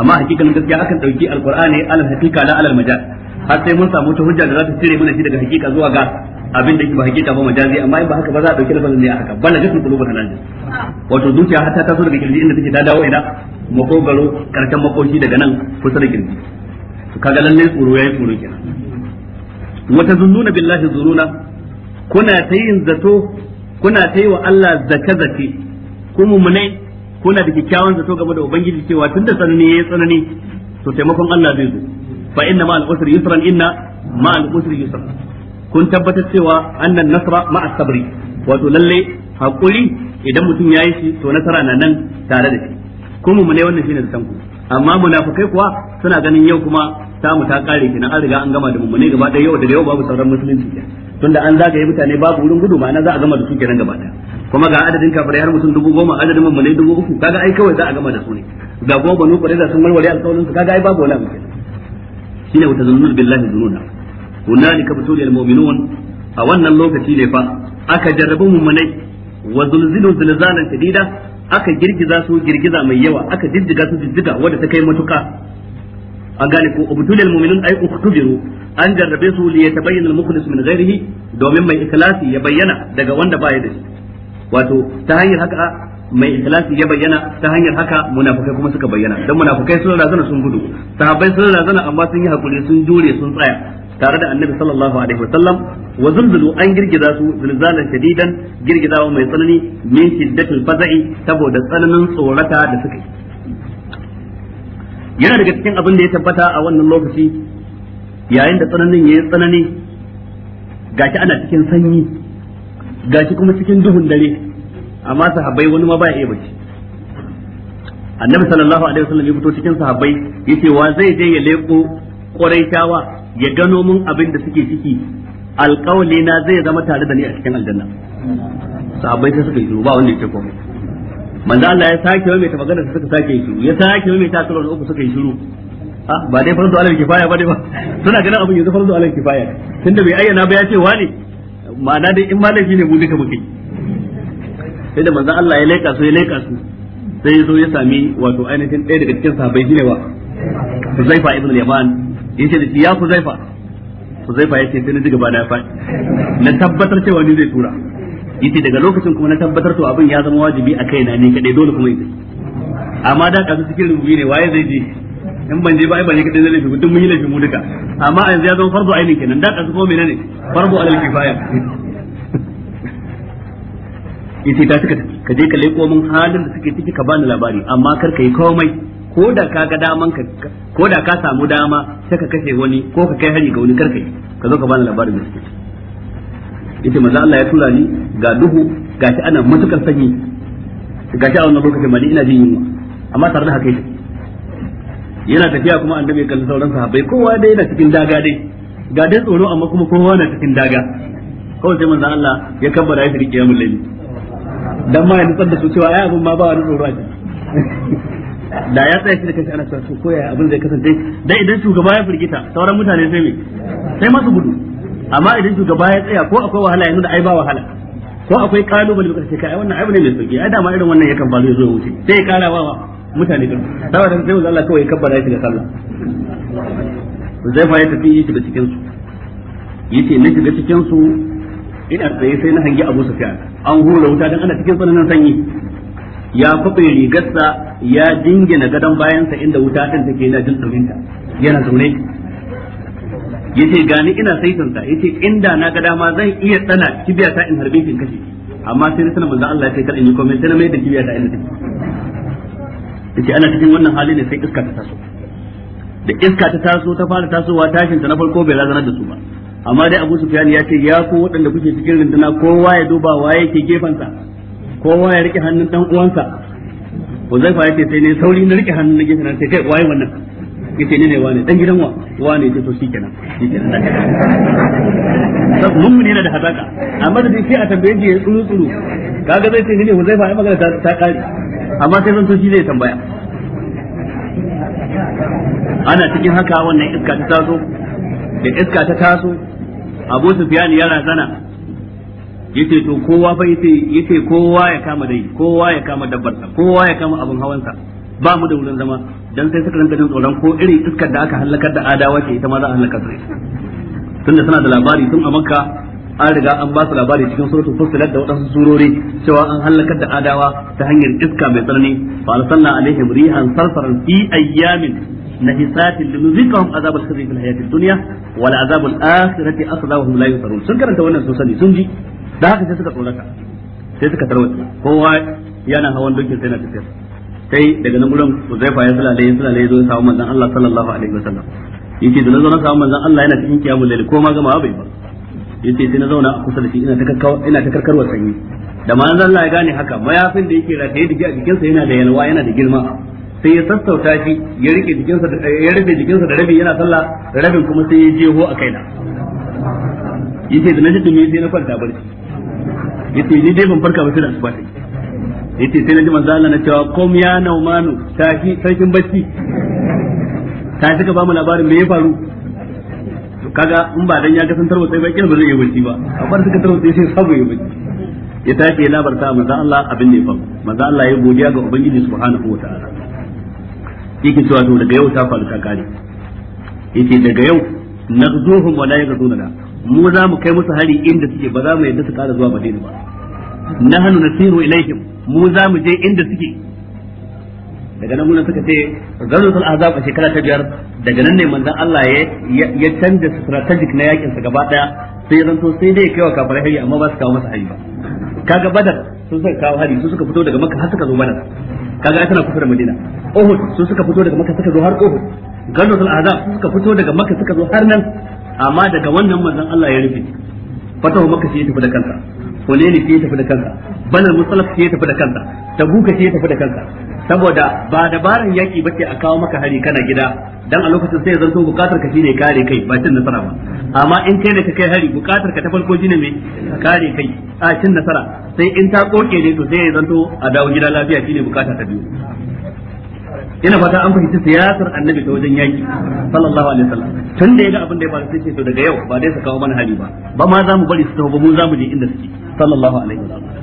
amma hakikanin gaskiya akan dauki alqur'ani alal hakika la alal majaz har sai mun samu ta hujja da za ta cire mana shi daga hakika zuwa ga abin da yake ba hakika ba majazi amma in ba haka ba za a dauki lafazin ne a haka balla kulubu kulubul nan wato zuciya hatta ta so daga kirji inda take ta dawo ina makogaro karshen makoshi daga nan kusa da kirji to kaga lalle tsoro yayi tsoro kenan wa tazunnuna billahi zuruna kuna ta yin zato kuna ta yi wa Allah zaka zake ku mumune kuna da kikkiawan zato game da ubangiji cewa tunda tsanani yayi tsanani to taimakon Allah zai zo fa inna ma al-usri yusran inna ma al-usri yusra kun tabbatar cewa annan nasra ma as-sabri wato lalle hakuri idan mutum yayi shi to nasara na nan tare da shi kuma mu ne wannan shine da tanku amma munafikai kuwa suna ganin yau kuma samu ta kare kenan an riga an gama da mummune gaba ɗaya yau da yau babu sauran musulunci kenan tunda an zagaye mutane babu wurin gudu ma'ana za a gama da su kenan gaba ɗaya kuma ga adadin kafirai har mutum dubu goma adadin mummune dubu uku kaga ai kawai za a gama da su ne ga kuma banu da sun warware alƙawarin su kaga ai babu wani abu kenan shine wata zunnun billahi zununa hunalika butulil mu'minun a wannan lokaci ne fa aka jarrabu mummune wa zulzilu zulzalan shadida aka girgiza su girgiza mai yawa aka diddiga su diddiga wadda ta kai matuka an gane ko ubtulil mu'minun ay uktubiru an jarrabe su li yatabayyana al-mukhlis min ghairihi domin mai ikhlasi ya bayyana daga wanda baya da shi wato ta hanyar haka mai ikhlasi ya bayyana ta hanyar haka munafikai kuma suka bayyana dan munafikai sun razana sun gudu sahabbai sun razana amma sun yi hakuri sun jure sun tsaya tare da annabi sallallahu alaihi wa sallam wa zulzulu an girgiza su zulzalan shadidan girgizawa mai tsanani min shiddatil faza'i saboda tsananin tsorata da suka yi yana daga cikin abin da ya tabbata a wannan lokaci yayin da tsananin yayi tsanani gashi ana cikin sanyi gashi kuma cikin duhun dare amma sahabbai wani ma ba ya iya bacci annabi sallallahu alaihi wasallam ya fito cikin sahabbai yace wa zai je ya leko quraishawa ya gano mun abin da suke ciki alƙawali na zai zama tare da ni a cikin aljanna sahabbai sai suka yi ba wanda ya ce manzo Allah ya sake mai ta magana suka sake yi shiru ya sake mai ta tsaro uku suka yi shiru A ah, ba dai farzu alal kifaya ba dai ba suna ganin abin yanzu farzu alal kifaya tunda bai ayyana ba ya ce wani ma'ana dai in malafi ne mu ka muke sai da manzo Allah ya laika su ya laika su sai ya zo ya sami wato ainihin ɗaya daga cikin sahabbai shine wa Zaifa ibn yaman yace da shi ya Huzaifa Huzaifa yace sai na ji gaba na fa na tabbatar cewa ni zai tura yace daga lokacin kuma na tabbatar to abin ya zama wajibi a kaina ne kadai dole kuma yi amma da kasu cikin rububi ne waye zai je in ban je ba ai ban kadai zai laifi duk mun yi lafi mu duka amma yanzu ya zama farzu ainin kenan da kasu ko menene farzu alal kifaya yace ta suka ka je ka leko mun halin da suke ciki ka bani labari amma kar ka yi komai ko da ka ga daman ka ko da ka samu dama sai ka kashe wani ko ka kai hari ga wani karka yi ka zo ka bani labarin suke yace manzo Allah ya tura ni ga duhu gashi ana matukar sanyi gashi a wannan lokacin ma ina jin yunwa amma tare da haka yake yana tafiya kuma annabi kalli sauran sahabbai kowa dai yana cikin daga dai ga dai tsoro amma kuma kowa na cikin daga kawai sai manzo Allah ya kabbara ya fi mulle ni dan ma ya nutsar da su cewa ai abun ma ba wani tsoro a da ya tsaya shi da kashi ana sarki ko ya abin zai kasance dai idan shugaba ya firgita sauran mutane sai me sai masu gudu amma idan shugaba ya tsaya ko akwai wahala ya nuna ai ba wahala ko akwai kalubale ba ce kai wannan abu ne mai sauki ai dama irin wannan yakan ba zai zo ya wuce sai ya kara wa mutane din saboda sai Allah kawai ya kabbara shi da sallah zai fa ya tafi shi da cikin su yace na shiga cikin su ina tsaye sai na hangi Abu Sufyan an hura wuta dan ana cikin tsananin sanyi ya kwabe rigarsa ya jingina gadon bayansa inda wuta ɗin take yana jin tsaminta yana zaune ce gani ina ya ce inda na ga dama zan iya tsana kibiya ta in harbe kin kashi amma sai sanin manzo Allah ya kai in yi komai sai na mai da kibiya ta inda take yace ana cikin wannan hali ne sai iska ta taso da iska ta taso ta fara tasowa tashin ta na farko bai razanar da su ba amma dai Abu Sufyan ya ce ya ko waɗanda kuke cikin rinduna kowa ya duba waye ke gefansa kowa ya rike hannun dan uwansa Huzaifa yace sai ne sauri na rike hannun na gefe nan sai kai waye wannan yace ne ne wane dan gidan wa wane yace to shikenan shikenan mun mun yana da hazaka amma da sai a tambaye shi ya tsuru tsuru kaga zai ce ne zai ai magana ta ta kare amma sai zan to shi zai tambaya ana cikin haka wannan iska ta taso da iska ta taso Abu Sufyan ya zana yace to kowa fa yace yace kowa ya kama dai kowa ya kama dabbarsa kowa ya kama abin hawansa ba mu da wurin zama dan sai suka rinka jin tsoron ko irin iskar da aka halakar da adawa ke ita ma za a halakar su tunda suna da labari tun a makka an riga an ba su labari cikin suratul fussilat da wadansu surori cewa an halakar da adawa ta hanyar iska mai tsanani fa arsalna alaihim rihan sarsaran fi ayyamin نهسات لنذيقهم عذاب الخزي في الحياة الدنيا والعذاب الآخرة أخذ وهم لا ينصرون سنكر أنت وانا سنجي da haka sai suka tsorata sai suka tarwata kowa yana hawan dokin sai na tafiya sai daga nan gurin Uzaifa ya sala ya sala ya zo ya samu manzon Allah sallallahu alaihi wasallam yake da nazo na samu manzon Allah yana cikin kiyamul layl ko ma gama bai ba yace sai na zauna a kusa da shi ina ta kakkawa ina ta karkarwa sanyi da manzon Allah ya gane haka mayafin da yake rataye dige a jikin sa yana da yalwa yana da girma sai ya sassauta shi ya rike jikinsa ya jikin sa da rabi yana sallah rabin kuma sai ya jeho a kaina ce da na ji dumi sai na farka barci ce ni dai ban farka ba sai da asuba ta ce sai na ji manzo Allah na cewa kom ya naumanu tashi sarkin bacci ta suka ba mu labarin me ya faru to kaga in ba dan ya ga sun tarwa sai ba kin ba zai yi bacci ba amma suka tarwa sai sai sabo yi bacci ya tashi ya labarta manzo Allah abin ne fa manzo Allah ya godiya ga ubangiji subhanahu wataala yake cewa to daga yau ta faru ta kare yake daga yau nazuhum wala da. mu za mu kai musu hari inda suke ba za mu yadda su kara zuwa madina ba na na siru ilaihim mu za mu je inda suke daga nan mun suka ce sun azab a shekara ta biyar daga nan ne manzon Allah ya ya canza strategic na yakin sa gaba daya sai zanto sai dai kaiwa kafirai hari amma ba su kawo masa hari ba kaga badar sun suka kawo hari su suka fito daga makka har suka zo badar kaga ai tana kusa da madina uhud su suka fito daga makka suka zo har uhud garutul azab suka fito daga makka suka zo har nan amma daga wannan manzon Allah ya rufe fatahu makka sai ya tafi da kanta, hunaini sai ya tafi da kanta, banar musalaf sai ya tafi da kansa tabuka sai ya tafi da kanta. saboda ba dabaran yaki bace a kawo maka hari kana gida dan a lokacin sai ya zanto bukatar ka shine kare kai ba cin nasara ba amma in kai ne ka kai hari bukatar ka ta farko shine me kare kai a cin nasara sai in ta koke ne to sai ya zanto a dawo gida lafiya shine bukata ta biyu ina fata an fahimci siyasar annabi ta wajen yaki sallallahu alaihi wasallam tun da yaga abin da ya faru sai ce daga yau ba dai su kawo mana hali ba ba ma za bari su tafi ba mun za je inda suke sallallahu alaihi wasallam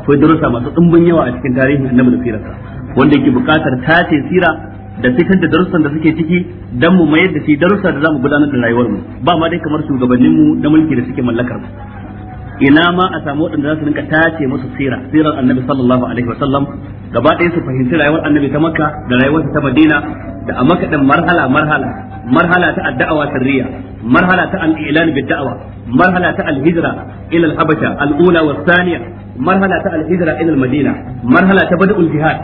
akwai darussa masu dimbin yawa a cikin tarihin annabi da sirarsa wanda yake bukatar tace sira da cikin da darussan da suke ciki dan mu mayar da shi darussa da zamu gudanar da rayuwar mu ba ma dai kamar shugabannin mu da mulki da suke mallakar mu ina ma a samu waɗanda za su rinka tace musu sira sirar annabi sallallahu alaihi wasallam gaba ɗaya su fahimci rayuwar annabi ta makka da rayuwar ta madina da a Makka ɗin marhala marhala marhala ta addawa sirriya marhala ta al-ilan da'wa marhala ta al-hijra ila al-habasha al-ula wa thaniya marhala ta al-hijra ila al-madina marhala ta bada'ul jihad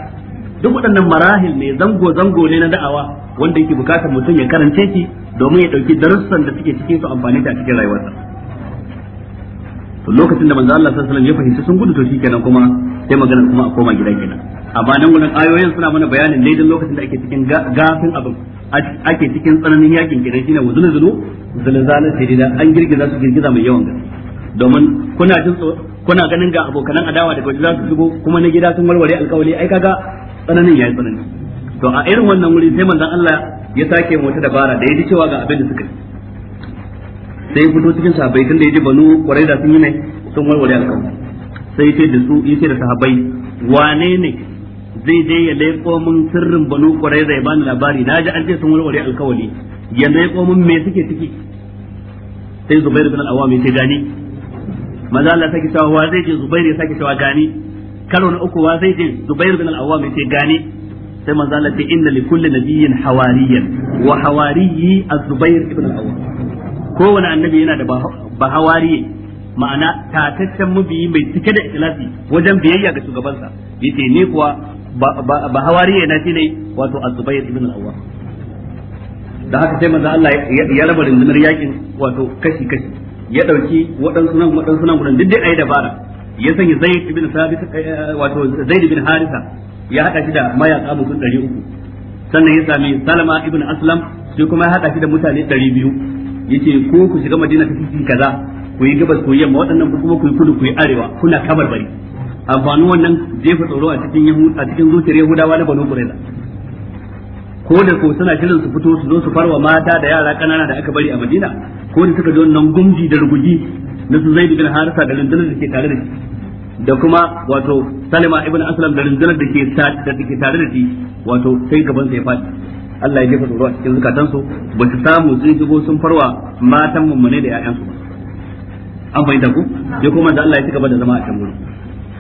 duk waɗannan marahil ne zango zango ne na da'awa wanda yake bukatar mutum ya karance ki domin ya ɗauki darussan da suke cikin su amfani ta cikin rayuwarsa lokacin da manzo Allah sallallahu alaihi wasallam ya fahimci sun gudu to shikenan kuma sai magana kuma a koma gida kenan amma nan gurin ayoyin suna mana bayanin daidan lokacin da ake cikin gafin abin ake cikin tsananin yakin kenan shine wuzulu zulu sai da an girgiza su girgiza mai yawan gaske domin kuna jin kuna ganin ga abokan adawa daga wajen za su shigo kuma na gida sun warware alkawali ai kaga tsananin yayi tsananin. to a irin wannan wuri sai manzo Allah ya sake wata dabara da ya ji cewa ga abin da suka yi sai ya fito cikin sahabbai tun da ya ji banu kwarai da sun yi ne sun wari alƙawari sai ce da su ya da sahabbai wane ne zai je ya laiko min sirrin banu kwarai da ya bani labari na ji an ce sun wari alƙawari ya laiko min me suke ciki sai zubairu bin al'awam ya ce gani maza Allah sake cewa wa zai je zubairu ya sake cewa gani karo na uku wa zai je zubairu bin al'awam ya ce gani sai manzo Allah ce inna likulli kulli nabiyyin hawariyan wa hawariyi az-zubair ibn al-awwam kowane annabi yana da bahawari ma'ana tataccen mabiyi mai cike da ikhlasi wajen biyayya ga shugabansa yace ne kuwa bahawari na ne wato az-zubair ibn al-awwam da haka sai manzo Allah ya raba rundunar yakin wato kashi kashi ya dauki waɗansu nan waɗansu nan gudan duk dai ayi dabara ya sanya zaid ibn sabit eh, wato zaid ibn harisa ya hada shi da mayaka mutum 300 sannan ya sami salama ibn aslam sai kuma ya hada shi da mutane 200 yace ko ku shiga madina ta cikin kaza ku yi gabas ku yamma waɗannan kuma ku yi kudu ku yi arewa kuna bari amfanin wannan jefa tsoro a cikin a cikin zuciyar yahudawa na banu qurayza ko da ko suna shirin su fito su zo su farwa mata da yara kanana da aka bari a madina ko da suka ji wannan gumji da ruguji na su zaid bin harisa da rundunar da ke tare da shi da kuma wato salima ibn aslam da rundunar da ke tare da shi wato sai gaban sai faɗi Allah ya jefa tsoro a cikin zukatansu ba su samu sun shigo sun farwa matan mummune da 'ya'yansu ba an fahimta ku ya kuma da Allah ya ci gaba da zama a can gurin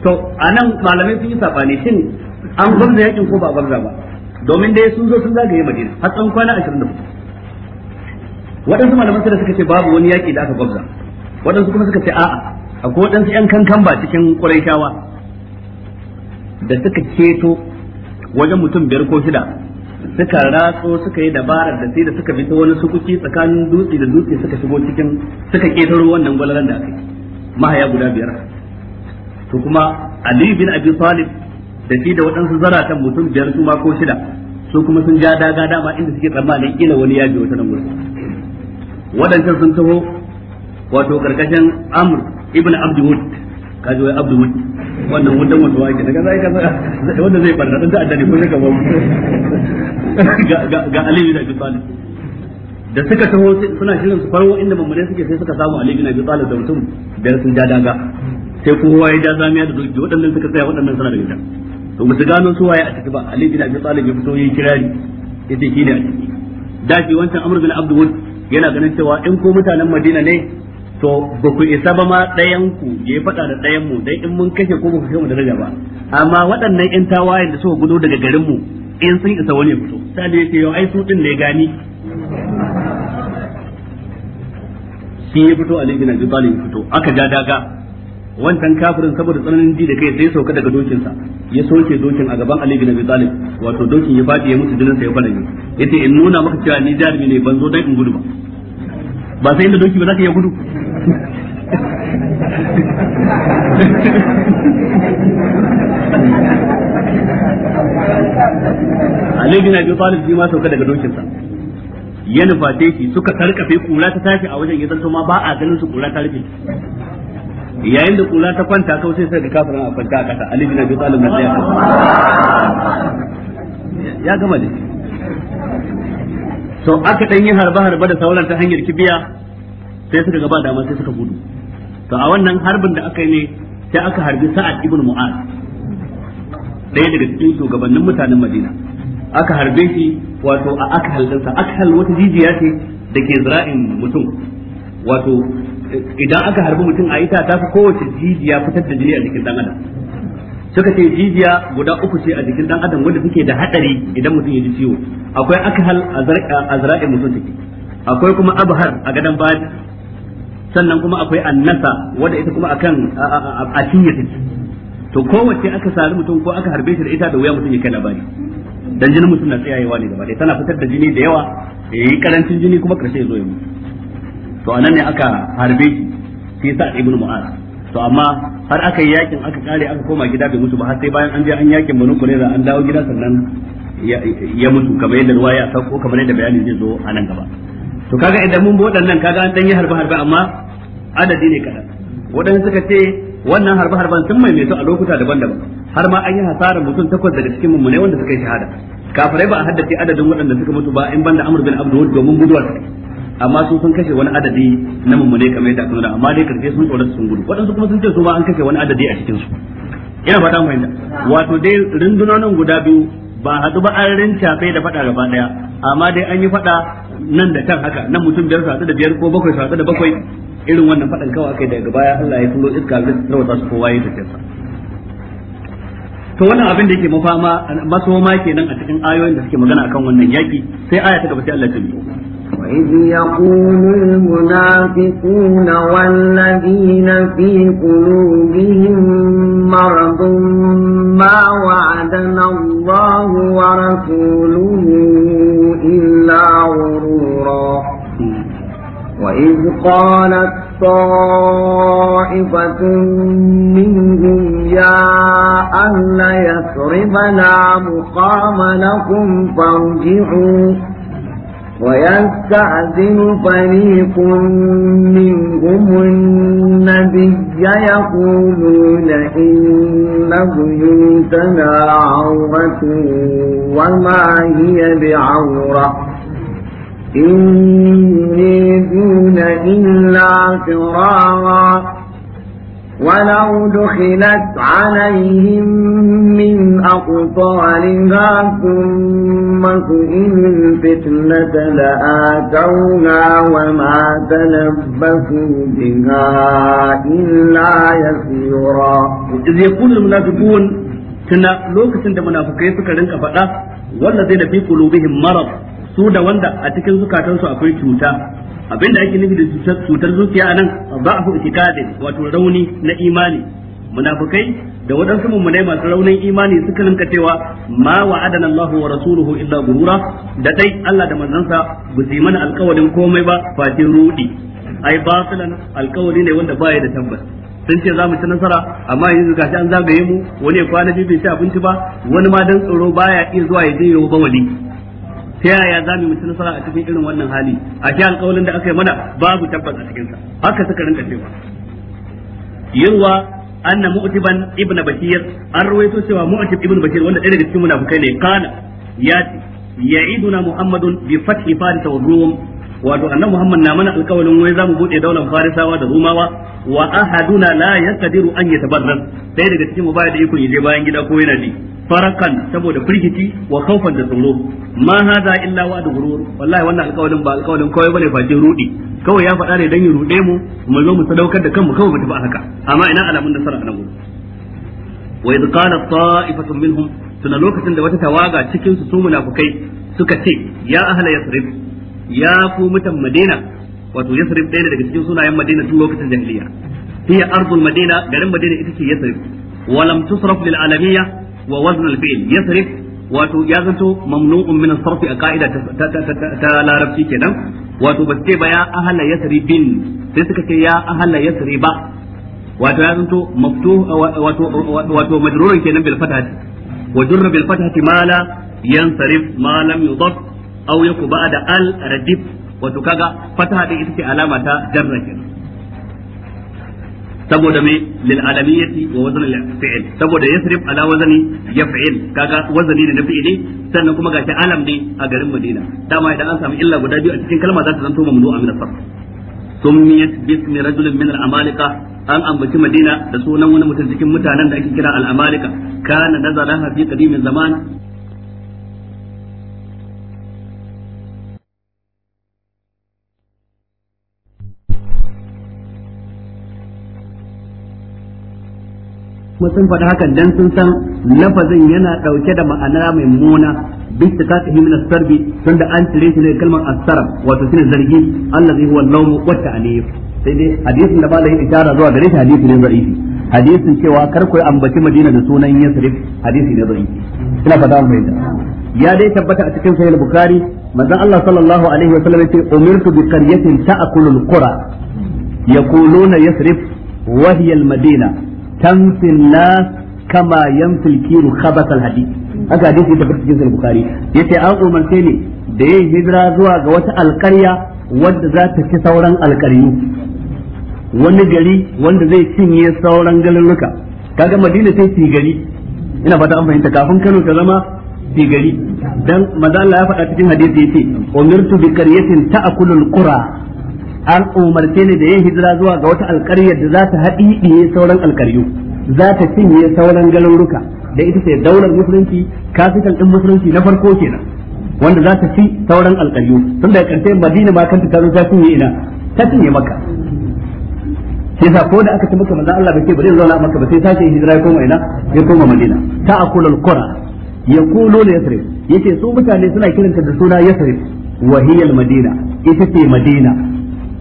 to a nan malamai sun yi sabani shin an gwamza yakin ko ba gwamza ba domin dai sun zo sun zagaye Madina har tsawon kwana da waɗansu malaman da suka ce babu wani yaki da aka gwamza waɗansu kuma suka ce a'a akwai waɗansu ƴan kankan ba cikin Qurayshawa da suka ceto wajen mutum biyar ko shida suka raso suka yi dabarar da sai da suka fito wani sukuki tsakanin dutse da dutse suka shigo cikin suka ketaro wannan gwalaran da aka yi mahaya guda biyar to kuma Ali bin Abi Talib da shi da waɗansu zaratan mutum biyar su ma ko shida su kuma sun ja daga dama inda suke tsammanin kila wani ya ji wata nan gurin waɗancan sun taho wato karkashin Amr ibn Abdul kaji wai abdu wannan wajen mutu wake daga zai ka wanda zai barna dan ta'adda ne ko sai ka ga alibi da bisali da suka taho suna shirin su farwo inda mamare suke sai suka samu alibi na bisali da mutum da sun ja daga sai kowa ya ja zamiya da doki waɗannan suka tsaya waɗannan suna da gida to musu gano su waye a ciki ba alibi na bisali ya fito yayin kirari yace shi ne a ciki dafi wancan amr bin abdu yana ganin cewa in ko mutanen madina ne to ba ku isa ba ma ɗayan ku ya yi faɗa da ɗayan mu don in mun kashe ko ba ku mu daga ba amma waɗannan ƴan tawayen da suka gudu daga garinmu in sun isa wani fito sai ya ce yau ai su ɗin ne gani shi ya fito Ali bin Abi ya fito aka ja daga wancan kafirin saboda tsananin ji da kai sai sauka daga dokinsa ya soke dokin a gaban Ali bin Abi Talib wato dokin ya faɗi ya mutu jinin sa ya fara yace in nuna maka cewa ni jarumi ne ban zo dai in gudu ba ba sai inda doki ba za ka iya gudu Ali bin Abi Talib shi ma sauka daga sa. ya nufate shi suka sarkafe kura ta tashi a wajen ya zanto ma ba a ganin su kura ta rufe yayin da kura ta kwanta kawai sai sai da kafirin a kwanta a kasa Ali bin Abi Talib na tsaya ya gama da shi to aka dan yi harba harba da sauran ta hanyar kibiya sai suka gaba dama sai suka gudu to a wannan harbin da aka yi ne sai aka harbi sa'ad ibn mu'az ɗaya daga cikin shugabannin mutanen madina aka harbe shi wato a akhal dinsa akhal wata jijiya ce da ke zira'in mutum wato idan aka harbi mutum a ita ta fi kowace jijiya fitar da jini a jikin dan adam suka ce jijiya guda uku ce a jikin dan adam wanda suke da hadari idan mutum ya ji ciwo akwai akhal a zira'in mutum take akwai kuma abhar a gadan baya sannan kuma akwai annasa wanda ita kuma akan a cinye to kowace aka sari mutum ko aka harbe shi da ita da wuya mutum ya kai labari dan jinin mutum na tsayayewa ne gaba ɗaya tana fitar da jini da yawa ya karancin jini kuma karshe ya zo ya mutu to anan ne aka harbe shi sai sa ibn mu'az to amma har aka yi yakin aka kare aka koma gida bai mutu ba har sai bayan an je an yakin banu kurera an dawo gida sannan ya mutu kamar yadda ruwaya ta ko kamar yadda bayani zai zo a nan gaba to kaga idan mun bi waɗannan kaga an dan yi harba harba amma adadi ne kaɗan waɗanda suka ce wannan harba harban sun mai a lokuta daban-daban har ma an yi hasarar mutum takwas daga cikin ne wanda suka yi shahada kafirai ba a haddace adadin waɗanda suka mutu ba in banda amr bin abdul domin guduwa amma su sun kashe wani adadi na mummune kamar yadda aka amma dai karfe sun tsorata sun gudu waɗansu kuma sun ce su ma an kashe wani adadi a cikin su ina fata mu fahimta wato dai rundunonin guda biyu ba haɗu ba an rinca bai da faɗa gaba ɗaya amma dai an yi faɗa nan da can haka nan mutum biyar su da biyar ko bakwai su da bakwai irin wannan faɗan kawa kai daga baya Allah ya turo iska su kowa ya tafi to wannan abin da yake mafama masoma kenan a cikin ayoyin da suke magana akan wannan yaki sai aya ta gaba sai Allah ta biyo وإذ يقول المنافقون والذين في قلوبهم مرض ما وعدنا الله ورسوله إلا غرورا وإذ قالت طائفة منهم يا أهل يسرب لا مقام لكم فارجعوا ويستعزم فريق منهم النبي يقولون إن بيوتنا عورة وما هي بعورة إني دون إلا فرارا ولو دخلت عليهم من أقطارها ثم الأمة إن الفتنة لآتونا وما تلبثوا بها lokacin da munafukai suka rinka faɗa wanda zai da fi qulubihim su da wanda a cikin zukatansu akwai cuta abinda ake nufi da cutar zuciya anan za'fu itikadin wato rauni na imani munafikai da waɗansu mummunai masu raunin imani suka ninka cewa ma wa'adana Allah wa rasuluhu illa gurura da dai Allah da manzansa ba su mana alkawarin komai ba fatin rudi ai nan alkawari ne wanda baya da tabbas sun ce za mu ci nasara amma yanzu gashi an zagaye mu wani kwana biyu bai ci abinci ba wani ma dan tsoro baya iya zuwa ya je ba wani ta yaya za mu ci nasara a cikin irin wannan hali a shi alkawarin da aka yi mana babu tabbas a cikinsa haka suka rinka cewa yinwa anna mu'tiban ibnu bashir an rawaito wa mu'tib ibnu bashir wanda ɗaya daga cikin munafikai ne kana ya ce ya'iduna muhammadun bi fathi wato annabi Muhammad na mana alƙawarin wai zamu bude daular Farisawa da Rumawa wa ahaduna la yaqdiru an yatabarraz sai daga cikin mu baya da iko yaje bayan gida ko yana ji farakan saboda firgiti wa kaufan da tsoro ma hada illa wa'd gurur wallahi wannan alƙawarin ba alƙawarin kawai bane face rudi kawai ya faɗa ne dan ya rude mu mu zo mu sadaukar da kanmu kawai mu ba haka amma ina alamun da sara nan wa idh qala ta'ifatun minhum tuna lokacin da wata tawaga cikin su su munafukai suka ce ya ahla yasrib ya fi mutan madina wato yasrib ɗaya daga cikin sunayen madina tun lokacin jahiliya hiya ardul madina garin madina ita ce yasrib wa lam tusraf lil alamiyya wa wazn al fi'l yasrib wato ya zanto mamnu'un min as a ka'ida ta larabci kenan wato ba ce ba ya ahla yasribin sai suka ce ya ahla yasriba wato ya zanto maftuh wato wato majrurun kenan bil fatah wa jurra bil fatah ma la yansarif ma lam yudaf aw yaku ba'da al radif wato kaga fataha din ita ce alama ta jarra saboda me lil alamiyyati wa wazn al fi'l saboda yasrif ala wazni yaf'il kaga wazni ne na fi'ili sannan kuma gashi alam ne a garin Madina dama idan an samu illa guda biyu a cikin kalma za ta zanto mamnu'a min as summiyat bismi rajulin min al-amalika an ambaci Madina da sunan wani mutum cikin mutanen da ake kira al-amalika kana nazala fi qadimin zaman kuma sun faɗi hakan dan sun san lafazin yana ɗauke da ma'ana mai muna bisa ka ta himina sarbi da an cire shi ne kalmar asarar wato shine zargi allazi huwa wacce a ta'nif sai dai hadisin da malai isharar zuwa gare shi hadisi ne zarifi hadisin cewa kar ku ambaci madina da sunan yasrib hadisi ne zarifi ina fata mun bayyana ya dai tabbata a cikin sahih bukhari manzon Allah sallallahu alaihi wa sallam yace umirtu bi qaryatin ta'kulu al-qura yaquluna yasrib wa hiya al-madina tamsi nas kama yan kiru khabas alhadith haka hadisi ya tabbata cikin bukhari yace an umarce ne da yin hijira zuwa ga wata alƙarya wanda za ta ci sauran alƙaryu wani gari wanda zai cinye sauran galuruka kaga madina sai ci gari ina fata an fahimta kafin Kano ta zama ci gari dan maza Allah ya faɗa cikin hadisi yace umirtu bi qaryatin ta'kulul qura an umarce ni da yin hijira zuwa ga wata alƙaryar da za ta haɗi ɗiye sauran alƙaryu za ta cinye sauran garuruka da ita ce daular musulunci kafital ɗin musulunci na farko kenan wanda za ta ci sauran alƙaryu tun da ƙarshe madina ma kanta ta zo ta cinye ina ta cinye maka Sai sa ko da aka ci maka manzo Allah bai ce bari zauna a maka ba sai ce hijira ya koma ina ya koma madina ta akulul qura yaqulu li yasrib yace su mutane suna kiranta da suna yasrib wa hiya al madina ita ce madina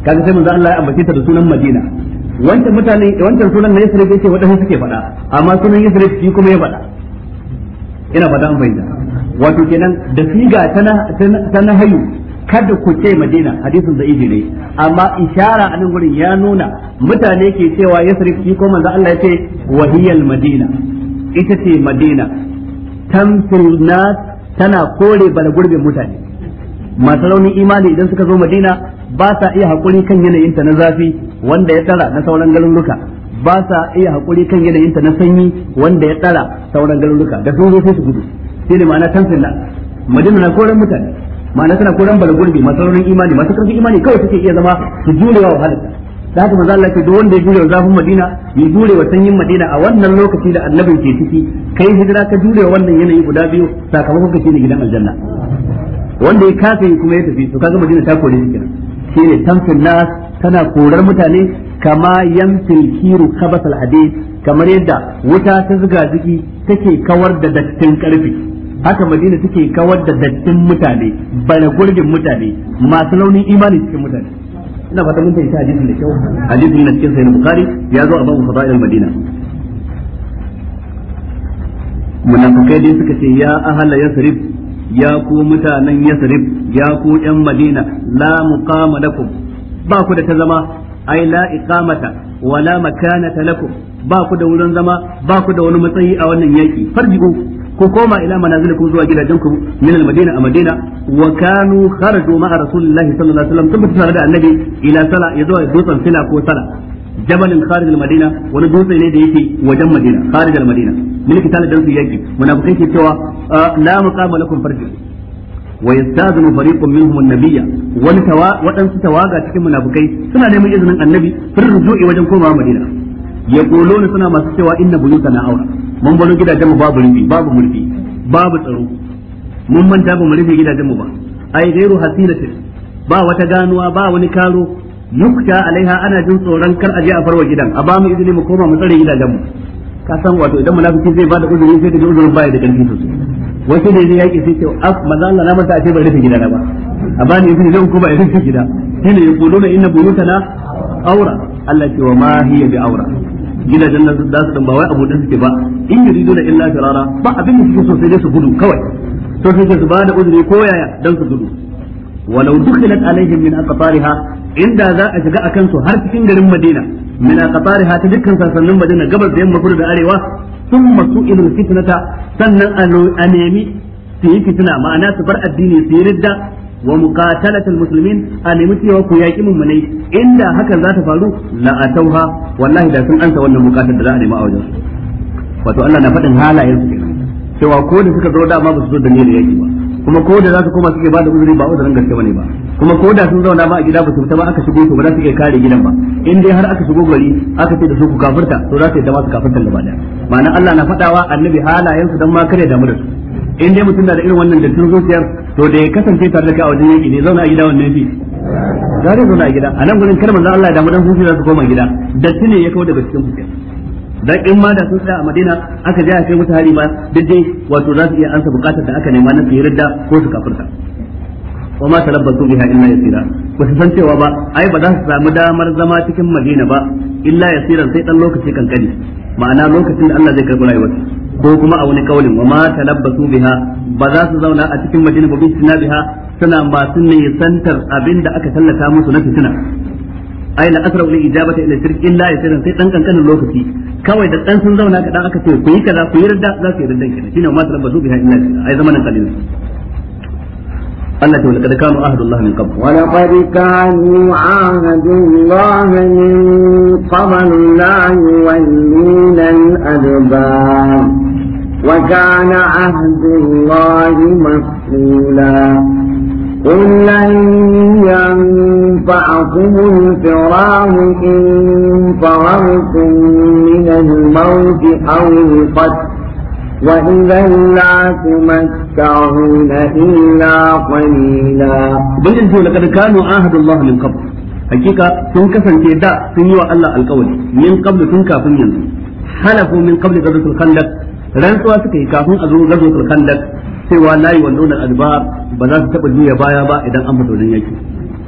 kaga sai manzo Allah ya ambace ta da sunan Madina wancan mutane wancan sunan na Yasrib yake wadanda suke faɗa amma sunan Yasrib shi kuma ya faɗa ina faɗa an bayyana wato kenan da siga ta na hayu kada ku ce Madina hadisin da'ifi ne amma ishara a nan gurin ya nuna mutane ke cewa Yasrib shi kuma manzo Allah ya ce wahiyal Madina ita ce Madina tan nas tana kore bala gurbin mutane masu raunin imani idan suka zo madina ba sa iya hakuri kan yanayinta na zafi wanda ya tara na sauran garuruka ba sa iya hakuri kan yanayinta na sanyi wanda ya tara sauran garuruka da sun zo sai su gudu sai ne ma'ana tansin na madina na koren mutane ma'ana tana koren balagurbi masu sauran imani masu karfi imani kawai suke iya zama su jure wa wahalarta da haka maza Allah ke duk wanda ya jure wa zafin Madina ya jure wa sanyin Madina a wannan lokaci da annabin ke ciki kai hijira ka jure wa wannan yanayi guda biyu sakamakon ka shine gidan aljanna wanda ya kafe kuma ya tafi to kaga Madina ta kore shi kenan shine tamfil nas tana korar mutane kama yamfil kiru kabasal hadid kamar yadda wuta ta zuga ziki take kawar da dattin karfi haka madina take kawar da dattin mutane bana gurbin mutane masu launin imani cikin mutane ina fata mun fahimta hadisin da kyau hadisin na cikin Sayyid bukhari ya zo a babu fadail madina munafikai dai suka ce ya ahala yasrib ya ku mutanen yasrib ya ku yan madina la muqama lakum ba ku da ta zama ai la iqamata wala makanata lakum ba ku da wurin zama ba ku da wani matsayi a wannan yaki farjiku ku koma ila manazilikum zuwa gidajenku min al-madina a madina wa kanu kharaju ma'a rasulillahi sallallahu alaihi wasallam tare da annabi ila sala ya zuwa dutsen fila ko sala jabalin kharij al wani dutse ne da yake wajen madina kharij al-madina milki tala dan yaki munafikai ke cewa ah, la muqama lakum farjin wa yastazinu fariqun minhum an-nabiyya wani tawa wadansu tawaga cikin munafikai suna neman izinin annabi fir ruju'i wajen komawa madina yaquluna suna masu cewa inna buyutana aura mun bano gidajen mu babu rufi babu murfi babu tsaro mun manta ba mu rufe gidajen mu ba ai gairu hasilatin ba wata ganuwa ba wani karo nukta alaiha ana jin tsoron kar aje a farwa gidan a ba mu izini mu koma mu tsare gidajen mu ka san wato idan munafiki zai bada uzuri sai da uzurin baya da karfi sosai wasu ne zai yaki sai ce af maza Allah na manta a ce bai rufe gidana ba a ba ni izini zan koma in rufe gida shine yaquluna inna na aura Allah ce wa ma hiya bi aura gidajen nan da su dan ba wai abu dan suke ba in yuriduna illa firara ba abin da suke so sai dai su gudu kawai to sai su da uzuri ko yaya dan su gudu ولو دخلت عليهم من أقطارها inda za a shiga akan su har cikin garin Madina min aqtariha ta dukkan sassanin Madina gabas da yamma kudu da arewa masu su'ilul fitnata sannan a nemi su yi fitina ma'ana su bar addini su yi ridda wa muqatalatul muslimin a nemi cewa ku mun mummunai inda hakan za ta faru la atauha wallahi da sun ansa wannan muqatal da za a nemi a wajen wato Allah na faɗin halayen su cewa ko da suka zo dama ba su zo da niyyar yaki ba kuma ko da za su koma suke ba da uzuri ba uzurin gaske bane ba kuma ko da sun zauna ba a gida ba su fita ba aka shigo to ba za su iya kare gidan ba in dai har aka shigo gari aka ce da su ku kafirta to za su yadda ma su kafirta gaba daya ma'ana Allah na fadawa annabi halayen su dan ma kare damu da su in dai mutum na da irin wannan dattin zuciyar to da ya kasance tare da kai a wajen yaki ne zauna a gida wannan fi za zauna a gida a nan gurin kar manzo Allah ya damu dan zuciya za su koma gida datti ne ya kawo daga cikin zuciya dan in ma da sun tsaya a Madina aka je a kai musu hari ma duk dai wato za su iya ansa bukatar da aka nema na su yarda ko su kafirta wa ma talabbasu biha illa yasira ba su san cewa ba ai ba za su samu damar zama cikin Madina ba illa yasira sai dan lokaci kankani ma'ana lokacin da Allah zai karbi rayuwar ko kuma a wani kaulin wa ma talabbasu biha ba za su zauna a cikin Madina ba bi biha suna masu ne santar abin da aka tallata musu na fitina ai la asra ulil bata ila shirk illa yasiran sai dan kankanin lokaci kawai da dan sun zauna kaɗan aka ce ku yi kaza ku yi radda za su yi raddan kenan shine ma tarabbasu biha illa ai zamanin qalil Allah ولقد كانوا عهد الله من قبل ولقد كانوا عهد الله من قبل لا يولون الأدبار وكان عهد الله masula. قل لن ينفعكم الفرار إن فررتم من الموت أو القتل وإذا لا تمتعون إلا قليلا بل لقد كانوا عاهد الله من قبل hakika sun kasance da sun yi wa Allah alkawari min qablu tun kafin yanzu halafu min qabli ghazwatul khandaq rantsuwa suka yi kafin a zo ghazwatul khandaq cewa layi wallon alba ba za su taɓa juya baya ba idan an fito nan yaki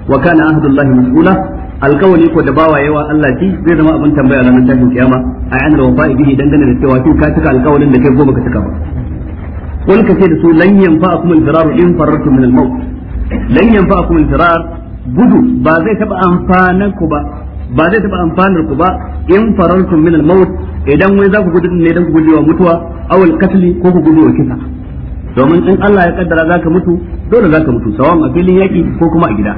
wa kana ahdullahi mas'ula alkawali ko da bawa yawa Allah ki zai zama abin tambaya ranar tashin kiyama a yanar wa wafa bihi dangane da cewa shin ka cika alkawalin da kai goma baka cika ba wani kace da su lan yanfa'akum al-firar in farartum min al-maut lan yanfa'akum al-firar gudu ba zai taɓa amfanan ku ba ba zai taɓa amfanar ku ba in farartum min al-maut idan wai za ku gudu ne dan ku gujewa mutuwa awal katli ko ku gudu wa kisa domin in Allah ya kaddara zaka mutu dole zaka mutu sawan a filin yaki ko kuma a gida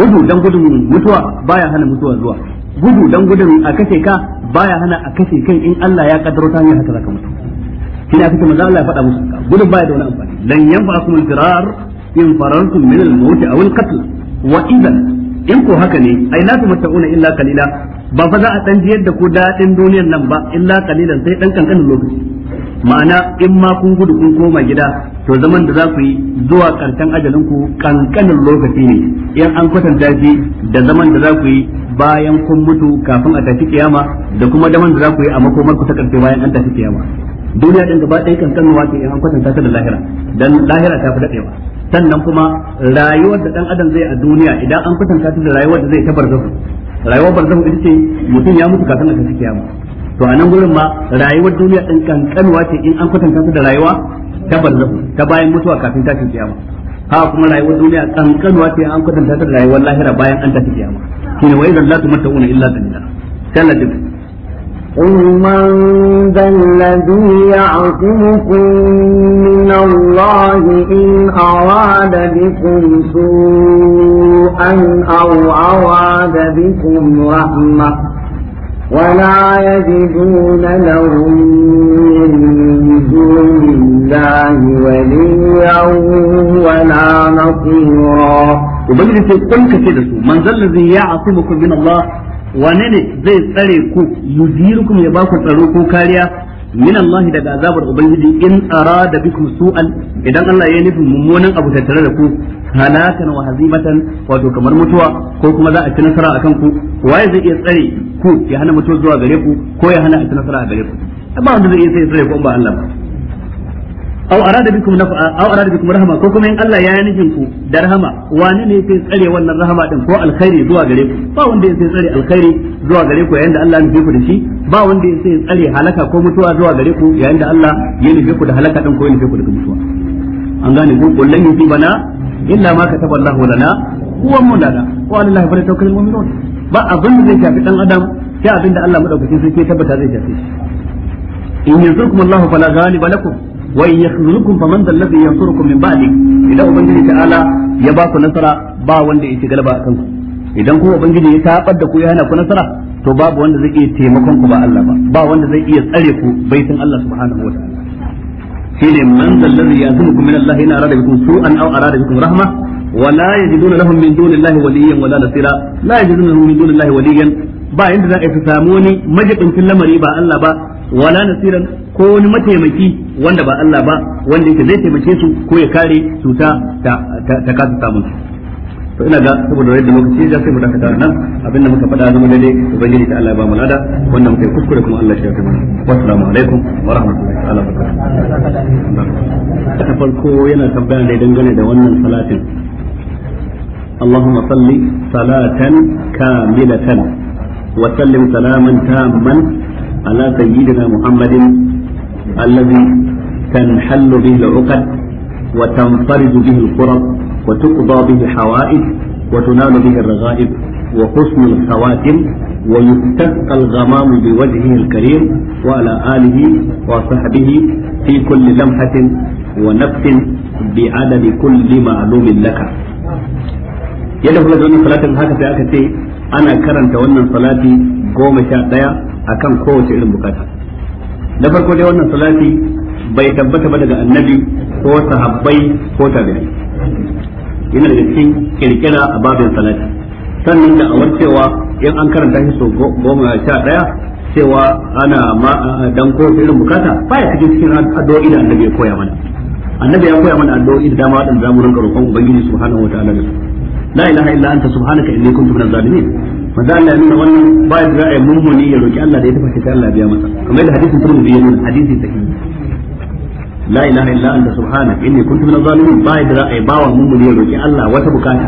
gudu dan gudun mutuwa baya hana mutuwa zuwa gudu dan gudun a kashe ka baya hana a kashe kai in Allah ya kaddaro ta hanyar haka zaka mutu kina kike manzo Allah ya faɗa musu gudu baya da wani amfani lan yanfa'akum al-firar in farartum min al-maut aw al-qatl wa idan in ko haka ne ai la tamatta'una illa qalila ba fa za a dan jiyar da ku dadin duniyar nan ba illa qalilan sai dan kankanin lokaci ma'ana in ma kun gudu kun koma gida to zaman da za ku yi zuwa karshen ajalin ku kankanin lokaci ne in an kwatanta shi da zaman da za ku yi bayan kun mutu kafin a tafi kiyama da kuma zaman da za ku yi a makomar ku ta karshe bayan an tafi kiyama duniya din gaba ɗaya kankanin wace in an kwatanta ta da lahira dan lahira ta fi daɗewa sannan kuma rayuwar da dan adam zai a duniya idan an kwatanta ta da rayuwar da zai ta barzahu rayuwar barzahu ita ce mutum ya mutu kafin a tafi kiyama to a nan gurin ma rayuwar duniya din kankanuwa ce in an kwatanta ta da rayuwa ta barzahu ta bayan mutuwa kafin ta tashin kiyama ha kuma rayuwar duniya kankanuwa ce an kwatanta ta da rayuwar lahira bayan an tashi kiyama shine wai idan la tumatta'una illa dalila sallallahu قل من ذا الذي يعصمكم من الله إن أراد بكم سوءا أو أراد بكم رحمة ولا يجدون لهم من دون الله وليا ولا نصيرا ubangiji sai kun kace da su manzon lazi ya asimukum min Allah wane ne zai tsare ku yuzirukum ya baku tsaro ko kariya min Allah daga azabar ubangiji in da bikum su'an idan Allah ya nufi mummunan abu tattare da ku halakan wa hazimatan wato kamar mutuwa ko kuma za a ci nasara akan ku waye zai iya tsare ku ya hana mutuwa zuwa gare ku ko ya hana a ci nasara a gare ku amma wanda zai iya sai tsare ku ba Allah ba aw arada bikum nafa aw arada bikum rahama ko kuma in Allah ya yi ku da rahama wani ne sai tsare wannan rahama din ko alkhairi zuwa gare ku ba wanda sai tsare alkhairi zuwa gare ku yayin da Allah ya nufi ku da shi ba wanda sai tsare halaka ko mutuwa zuwa gare ku yayin da Allah ya nufi ku da halaka din ko ya nufi ku da mutuwa an gane ku kullun yusibana illa ma kataba Allahu lana huwa mulana wa ala Allahi falyatawakkalul mu'minun ba abin da zai shafi dan adam sai abin da Allah madaukakin sarki tabbata zai shafi shi in yanzurkum Allahu fala ghaliba lakum wa in yakhzulukum faman dhal ladhi yansurukum min ba'di idan ubangiji ta'ala ya ba ku nasara ba wanda yake galaba kan ku idan kuma ubangiji ya tabar da ku ya hana ku nasara to babu wanda zai iya taimakon ku ba Allah ba ba wanda zai iya tsare ku baitin Allah subhanahu wa ta'ala shine man zallazi yazukum min Allah in arada bikum su'an aw arada bikum rahma ولا يجدون da من دون الله وليا ولا نصيرا لا يجدون لهم من دون الله وليا ba inda za a samu wani majibincin lamari ba Allah ba wala nasiran ko wani mataimaki wanda ba Allah ba wanda yake zai taimake su ko ya kare cuta ta ta kasu samun su to ina ga saboda yadda lokaci ya sai mu dakata nan abinda muka faɗa zama daidai ubangiji ta Allah ya ba mu lada wanda kuskure kuma Allah ya shafe assalamu alaikum wa rahmatullahi wa barakatuh farko yana tambaya ne dangane da wannan salatin اللهم صل صلاة كاملة وسلم سلاما تاما على سيدنا محمد الذي تنحل به العقد وتنفرد به الكرب وتقضى به الحوائج وتنال به الرغائب وحسن الخواتم ويستسقى الغمام بوجهه الكريم وعلى آله وصحبه في كل لمحة ونفس بعدد كل معلوم لك yadda kula da salatin haka sai aka ce ana karanta wannan salati goma sha ɗaya akan kowace irin bukata na farko dai wannan salati bai tabbata ba daga annabi ko sahabbai ko tabi'ai yana da cikin kirkira a babin salati sannan da awar cewa in an karanta shi so goma sha daya cewa ana ma dan ko irin bukata baya cikin cikin addu'o'i da annabi ya koya mana annabi ya koya mana addu'o'i da dama wadanda zamu rinka roƙon ubangiji subhanahu wataala da su la ilaha illa anta subhanaka inni kuntu minaz zalimin manzo Allah ya nuna wannan ba da za a yi mummuni ya roki Allah da ya tafi sai Allah ya biya masa kamar da hadisin Tirmidhi ya nuna hadisi sahihi la ilaha illa anta subhanaka inni kuntu minaz zalimin ba yadda a yi bawa mummuni ya roki Allah wata bukata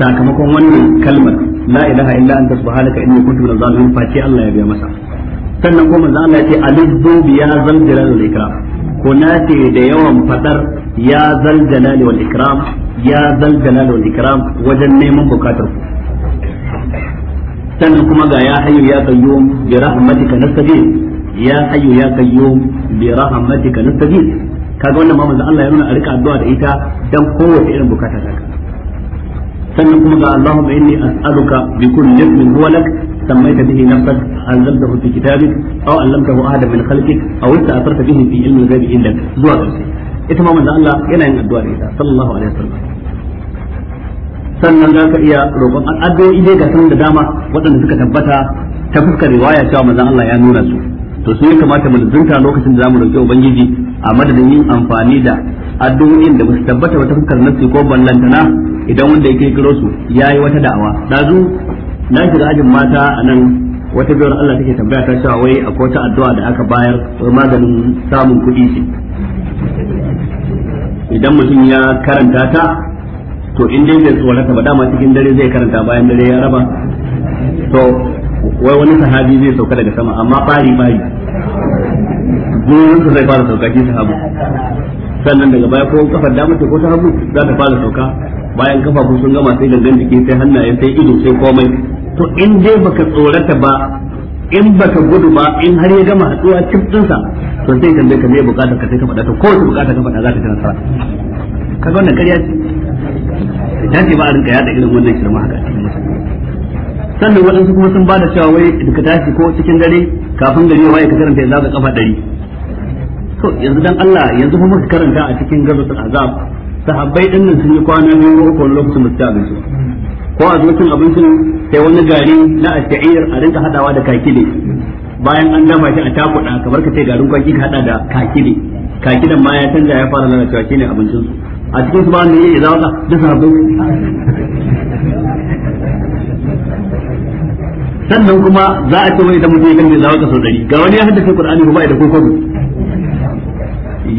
sakamakon wannan kalmar la illa anta subhanaka inni kuntu minaz zalimin fa Allah ya biya masa sannan kuma manzo Allah ya ce alizzun biya zal jalal ikram ko nace da yawan faɗar ya zal jalal ikram ya zal jalal ikram wajen neman bukatar ku sannan kuma ga ya ya ya ya kaga wannan ma manzon Allah ya nuna a rika addu'a da ita dan kowace irin bukata ta ka sannan kuma ga Allahumma inni as'aluka bi kulli ismin huwa lak sammaita bihi nafsak anzaltahu fi kitabik aw allamtahu ahada min khalqik aw ista'tarta bihi fi ilmi al-ghaibi indak zuwa ƙarshe ita ma manzon Allah yana yin addu'a da ita sallallahu alaihi wasallam sannan za ka iya roƙon addu'o'i dai ga sanin da dama waɗanda suka tabbata ta fuskar riwaya cewa manzon Allah ya nuna su to sai kamata mu zunta lokacin da zamu roki ubangiji a madadin yin amfani da addu'o'in da basu tabbata wata fuskar nasu ko ballantana idan wanda yake kiro su yayi wata da'awa dazu na shiga ajin mata a nan wata biyar Allah take tambaya ta cewa wai akwai wata addu'a da aka bayar ko maganin samun kuɗi ce idan mutum ya karanta ta to in dai tsora tsorata ba dama cikin dare zai karanta bayan dare ya raba to wai wani sahabi zai sauka daga sama amma bari bari jiyoyinsa zai fara sauka shi ta hagu sannan daga baya ko kafar dama ce ko ta hagu za ta fara sauka bayan ko sun gama sai gangan jiki sai hannaye sai ido sai komai to in dai baka tsorata ba in baka gudu ba in har ya gama hatsuwa cikin dinsa to sai tambaye ka mai bukatar ka sai ka faɗa ko kowace bukatar ka za ta ci nasara kaga wannan ƙarya ce ta ce ba a rinka yada irin wannan shirma haka sannan waɗansu kuma sun ba da cewa wai da ka tashi ko cikin dare kafin gari waye ka karanta yanzu ka kafa dari to yanzu dan Allah yanzu kuma muka karanta a cikin gazatul azab sahabbai din nan sun yi kwana biyu ko wani lokacin musu abinci ko a zuwa cin abincin sai wani gari na ash'ir a rinka hadawa da kakile bayan an gama shi a takuda kamar ka ce garin kwaki ka hada da kakile ne ma ya canza ya fara lalacewa shine abincin su a cikin su ba ne ya zauna da sahabbai sannan kuma za a ce wani idan mutum ya kan da zawaka sau dari ga wani ya haddace qur'ani ba da kokon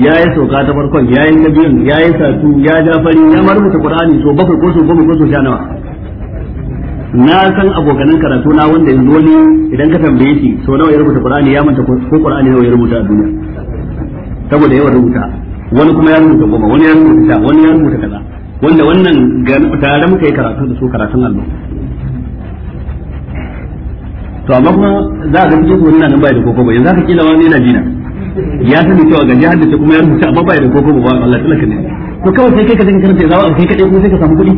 ya yi sauka ta farkon ya yi kabiyun ya yi satu ya ja fari ya marubuta qur'ani so bakwai ko so goma ko so sha nawa na san abokanan karatu na wanda yanzu wani idan ka tambaye shi so nawa ya rubuta qur'ani ya manta ko qur'ani nawa ya rubuta a duniya saboda yawan rubuta wani kuma ya rubuta goma wani ya rubuta sha wani ya rubuta kaza wanda wannan tare muka yi karatu da su karatun allo to amma kuma za a ga cikin su wannan bai da koko ba yanzu haka kila wani yana jina ya sani cewa ga jihar da kuma ya rubuta amma bai da koko ba Allah talaka ne to kawai sai kai ka dinga karanta zawa kai kadai kuma sai ka samu kuɗi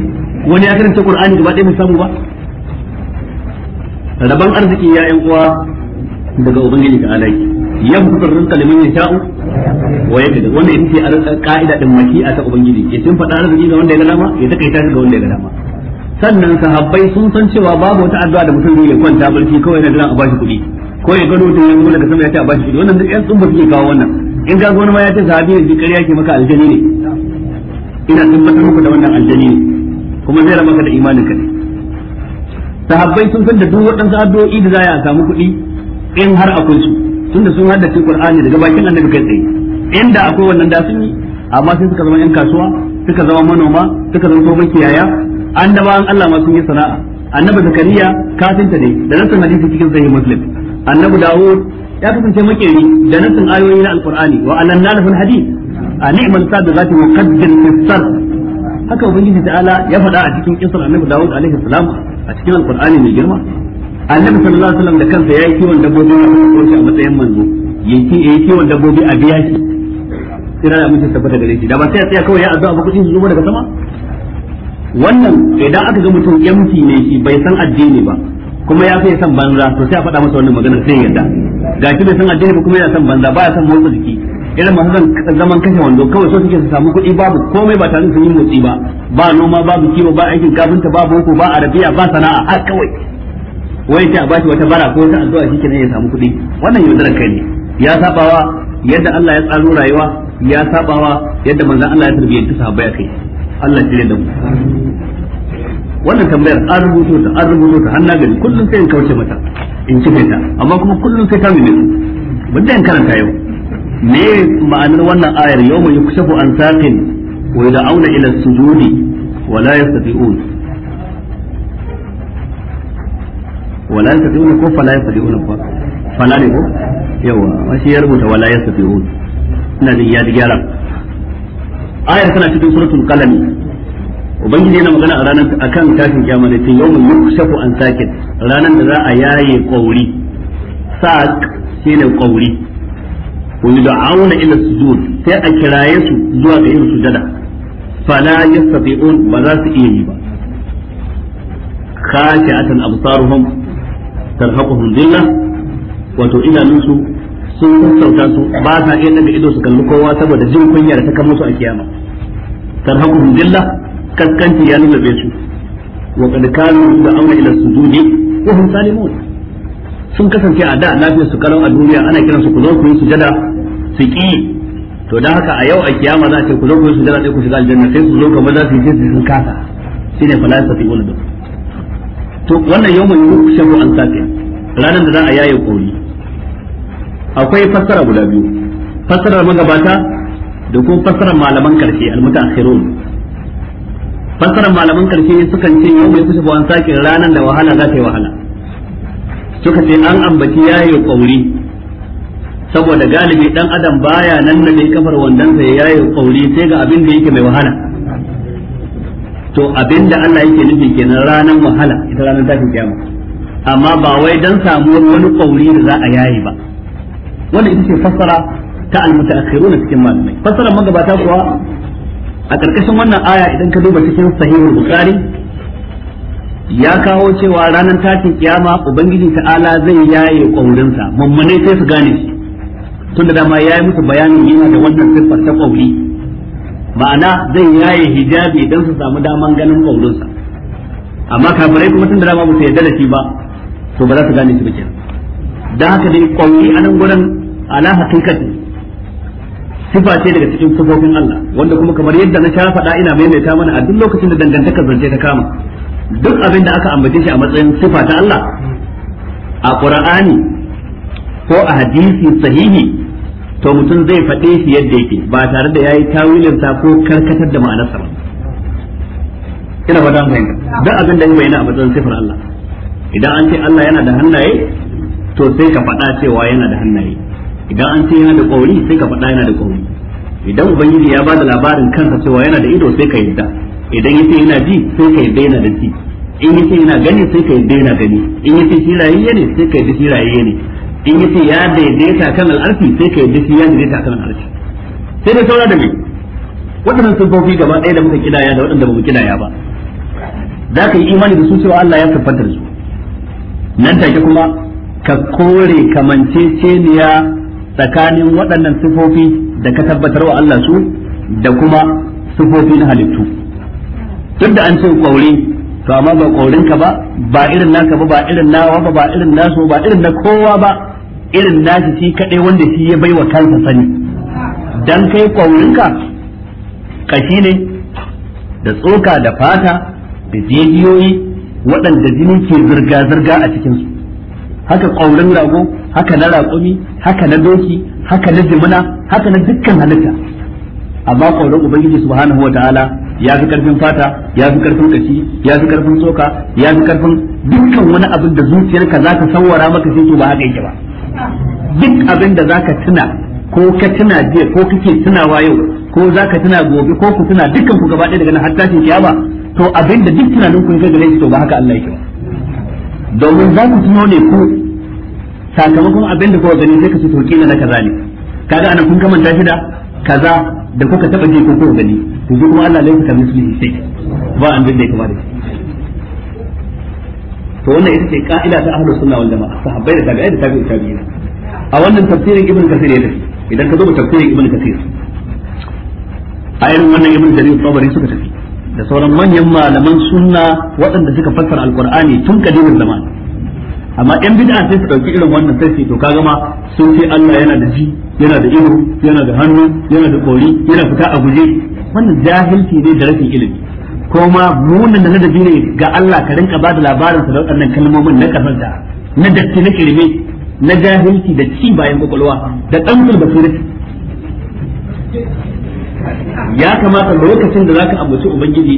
wani ya karanta Qur'ani gaba ɗaya bai samu ba rabon arziki ya yan uwa daga ubangiji ga alai yamkutur rizqa liman yasha'u wa yaqdir wanda ya ce ka'ida din a ta ubangiji ya sun faɗa arziki ga wanda ya ga dama ya takaita ga wanda ya ga dama sannan sahabbai sun san cewa babu wata addu'a da mutum zai kwanta barci kawai na jiran a bashi kuɗi ko ya gano da yanzu daga sama ya ce a bashi kuɗi wannan duk yan tsumba suke kawo wannan in ka gona ma ya ce sahabi ne jikari yake maka aljani ne ina tabbatar muku da wannan aljani ne kuma zai ramaka da imanin ka ne sahabbai sun san da duk waɗansu addu'o'i da za a samu kuɗi in har akwai su tunda sun haddace Qur'ani daga bakin annabi kai tsaye inda akwai wannan da sun yi amma sai suka zama yan kasuwa suka zama manoma suka zama kuma kiyaya An annabawan Allah ma sun yi sana'a annabi zakariya kafinta ne da nasan hadisi cikin sahih muslim annabi dawud ya kasance makeri da nasan ayoyi na alqur'ani wa alanna lahu alhadith a ni'mal sadu zati wa qaddir fisar haka ubangiji ta'ala ya faɗa a cikin kisar annabi dawud alaihi salam a cikin alqur'ani mai girma annabi sallallahu alaihi wasallam da kansa yayi kiwon dabbobi a cikin a matsayin manzo yake yayi kiwon dabbobi a biya shi sai da mutum tabbata gare shi da ba sai ya tsaya kawai ya azu a kudin su daga sama wannan idan aka ga mutum yamci ne shi bai san addini ba kuma ya fi san banza to sai a faɗa masa wannan magana sai ga shi bai san addini ba kuma yana san banza baya san motsa jiki irin masu zan zaman kashe wando kawai so suke su samu kuɗi babu komai ba tare da sun yi motsi ba ba noma babu kiwo ba aikin kafinta ba boko ba arabiya ba sana'a har kawai wai ta bashi wata bara ko wata addu'a shi kenan ya samu kuɗi wannan yaudarar kai ne ya sabawa yadda Allah ya tsaro rayuwa ya sabawa yadda manzon Allah ya tarbiyyanta sahabbai kai Allah ya da mu wannan tambayar an rubuto ta an rubuto ta hannu gani kullum sai in kauce mata in kife ta amma kuma kullum sai ta mene wanda in karanta yau me ma'anar wannan ayar yau mai yukshafu an saqin wa yad'auna ila sujudi wa la yastati'un wa la yastati'un ko fala yastati'un ba fala ne ko yawa shi ya rubuta wa la yastati'un ina jin ya gyara ayar tana cikin suratul qalam ubangiji yana magana a ranar akan tashin kiyama ne tun yawmin yukshafu an sakin ranar da za a yaye kauri saq shine kauri wani da auna ila sujud sai a kiraye su zuwa ga yin sujada fala yastati'un ba za su iya yi ba khashi'atan absaruhum tarhaquhum dhillah wato idanunsu sun sassauta su ba sa iya nan da ido su kalli kowa saboda jin kunya da ta kama su a kiyama tarhaquhum dhillah kaskanci ya bai su wa qad kanu da'una ila sujudi wa hum salimun sun kasance a da lafiyar su kalau a duniya ana kiran su ku zo ku yi sujada su ki to dan haka a yau a kiyama za a ce ku zo ku yi sujada sai ku shiga aljanna sai su zo kamar za su yi sai sun kasa shine falsafa ibn duk to wannan yawman yukshabu an saqiya ranan da za a yaye koli akwai fassara guda biyu fassarar magabata da kuma fassarar malaman karshe almutaakhirun fassarar malaman karshe sukan ce yau mai kusa an sakin ranar da wahala za ta yi wahala suka ce an ambaci yayi kauri saboda galibi dan adam baya nan da dai kafar wandansa ya yayi kauri sai ga abin da yake mai wahala to abin da Allah yake nufi kenan ranar wahala ita ranar tashin kiyama amma ba wai dan samuwar wani kauri da za a yayi ba wannan ita ce fassara ta almutaakhiruna cikin malamai fassarar magabata kuwa a ƙarƙashin wannan aya idan ka duba cikin sahihul bukhari ya kawo cewa ranar tashin kiyama ubangiji ta'ala zai yaye ƙwaurinsa mummunai sai su gane shi tunda dama ya yi musu bayanin yana da wannan siffar ta ƙwauri ma'ana zai yaye hijabi idan su samu daman ganin ƙwaurinsa amma kafirai kuma tunda dama musu yadda yarda da shi ba to ba za su gane shi ba kenan dan haka dai ƙwauri a nan gurin ala hakikati sifa ce daga cikin sifofin Allah wanda kuma kamar yadda na sha faɗa ina maimaita mana a duk lokacin da dangantaka zance ta kama duk abin da aka ambace shi a matsayin sifa ta Allah a Qur'ani ko a hadisi sahihi to mutum zai faɗe shi yadda yake ba tare da yayi tawilin ta ko karkatar da ma'anarsa ba ina ba dan duk abin da ya bayyana a matsayin sifar Allah idan an ce Allah yana da hannaye to sai ka faɗa cewa yana da hannaye idan an ce yana da kauri sai ka faɗa yana da kauri idan ubangiji ya bada labarin kansa cewa yana da ido sai ka yadda idan ya ce yana ji sai ka yadda yana da ji in ya ce yana gani sai ka yadda yana gani in ce shi rayayye ne sai ka yadda shi rayayye ne in ya ce ya daidaita kan al'arfi sai ka yadda shi ya daidaita kan al'arfi sai dai saura da mai waɗannan sufofi gaba ɗaya da muka kidaya da waɗanda bamu kidaya ba za ka yi imani da su cewa Allah ya tabbatar su nan take kuma ka kore kamanceceniya tsakanin waɗannan sifofi da ka tabbatar wa Allah su da kuma sifofi na halittu duk da an ce kwauri to amma ba kaurin ka ba ba irin naka ba ba irin nawa ba ba irin nasu ba irin na kowa ba irin nashi shi kadai wanda shi ya baiwa kansa sani dan kai kaurin ka kashi ne da tsoka da fata da jijiyoyi waɗanda jini ke zirga-zirga a cikinsu haka ƙaurin rago haka na raƙumi haka na doki haka na jimina haka na dukkan halitta amma ƙaurin ubangiji subhanahu wa ta'ala ya fi karfin fata ya fi karfin kashi ya fi karfin tsoka ya fi karfin dukkan wani abin da zuciyarka za ka sawara maka sai to ba haka yake ba duk abin da za ka tuna ko ka tuna jiya ko kake tunawa yau ko za ka tuna gobe ko ku tuna dukkan ku gaba ɗaya daga nan hatta tashin kiyama to abin da duk tunanin ku ya gare shi to ba haka Allah yake ba domin za ku tuno ne ku sakamakon abin da kuka gani sai ka fito kila na kaza ne kaga kun kamanta shi da kaza da kuka taba ko gani to kuma Allah sai ba an da da to wannan ita ce ka'ida ta ahlus sunna wal jama'a sahabbai da da a wannan tafsirin kasir ya idan ka zo tafsirin kasir a irin wannan jarir tabari suka tafi da sauran manyan malaman sunna waɗanda suka fassara alkur'ani tun kadimin zaman amma yan bid'a sai su dauki irin wannan sai to kaga ma sun ce Allah yana da ji yana da ido yana da hannu yana da kori yana fita a guje wannan jahilci ne da rashin ilimi kuma munin da ladabi ne ga Allah ka rinka da labarin sa da waɗannan kalmomin na kasanta na datti na kirme na jahilci da ci bayan kwakwalwa da ɗan basirati ya kamata lokacin da zaka ambaci ubangiji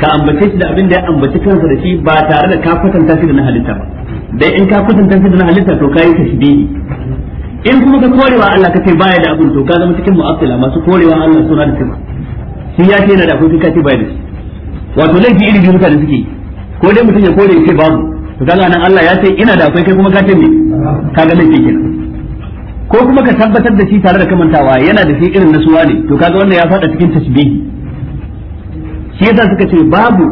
ka ambace shi da abin da ya ambaci kansa da shi ba tare da ka kwatanta shi da na halitta ba dai in ka kwatanta shi da na halitta to kai ka shi in kuma ka korewa Allah ka ce baya da abin to ka zama cikin mu'attila masu korewa Allah suna da sifa shi ya ce yana da akwai ka ce baya da shi wato laifi iri biyu mutane suke ko dai mutum ya kore ya ce babu to kaga nan Allah ya ce ina da akwai kai kuma ka ce me kaga laifi kenan ko kuma ka tabbatar da shi tare da kamantawa yana da shi irin nasuwa ne to kaga wanda ya fada cikin tashbihi shi yasa suka ce babu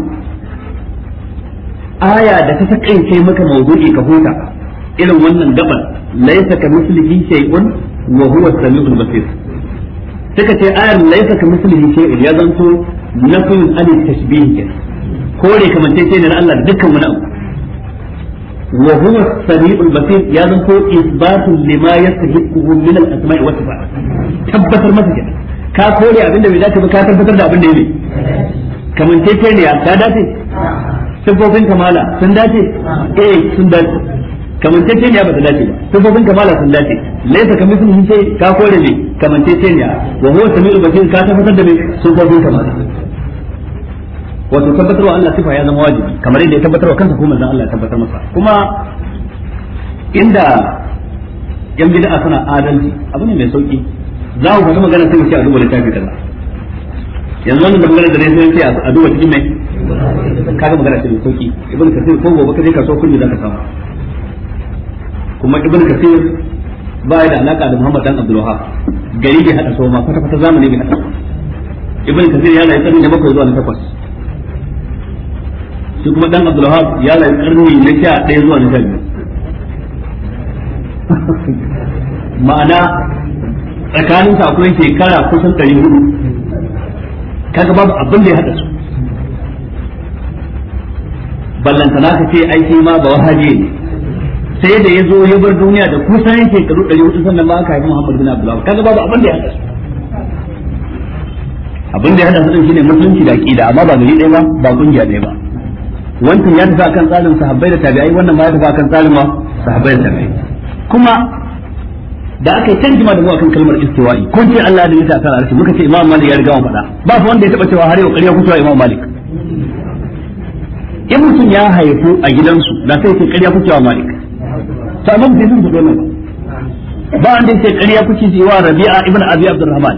aya da ta takaice maka mawdu'i ka huta irin wannan gaban laysa ka mislihi shay'un wa huwa as-sami'ul basir suka ce ayar laysa ka mislihi shay'un ya zanto nafin alif tashbih kore kamantacce ne na Allah dukkan wani abu wa huwa as-sami'ul basir ya zanto isbatun lima yastahiquhu min al-asma'i wa sifat tabbatar masa kenan ka kore abinda bai dace ba ka tabbatar da abinda yake kamantacce ne ta dace siffofin kamala sun dace eh sun dace kamantacce ne ba ta dace ba siffofin kamala sun dace laisa kamar sun ce ka kore ne kamantacce ne wa huwa sami'ul basir ka tabbatar da me siffofin kamala wato tabbatarwa Allah sifa ya zama wajibi kamar yadda ya tabbatarwa kansa ko manzon Allah ya tabbatar masa kuma inda yan bid'a suna adalci abu ne mai sauki za ku ga magana sai mu ce a duba littafi kaza yanzu wannan da magana da ne sai ce a duba cikin mai kaga magana ce mai sauki ibn kasir ko gobe kaje kaso kullu zaka samu kuma ibn kasir ba da alaka da Muhammad dan Abdul Wahhab gari ne hada soma kwata kwata zamani ne hada ibn kasir ya rayu tsari da bakwai zuwa na takwas shi kuma dan Abdul Wahab ya rayu karni na ɗaya zuwa na biyu ma'ana tsakanin sa akwai shekara kusan 400 kaga babu abin da ya hada su ballantana ka ce aiki ma ba wahaje ne sai da ya zo ya bar duniya da kusan shekaru 400 sannan ba aka haifi Muhammad bin Abdullah kaga babu abin da ya hada su abin da ya hada su ɗin shine musulunci da aqida amma ba gari ɗaya ba ba kungiya ɗaya ba wancan ya tafi akan tsarin sahabbai da tabi'ai wannan ma ya tafi akan tsarin ma sahabbai da tabi'ai kuma da aka yi can jima da mu akan kalmar istiwa'i kun ce Allah da yake akan arshi muka ce Imam Malik ya riga mu faɗa ba fa wanda ya taba cewa har yau ƙarya kusa Imam Malik in mutum ya haifu a gidansu da sai ce ƙarya kusa Malik to amma bai san gudu ba ba wanda yake ƙarya kuke ji wa Rabi'a ibn Abi Abdurrahman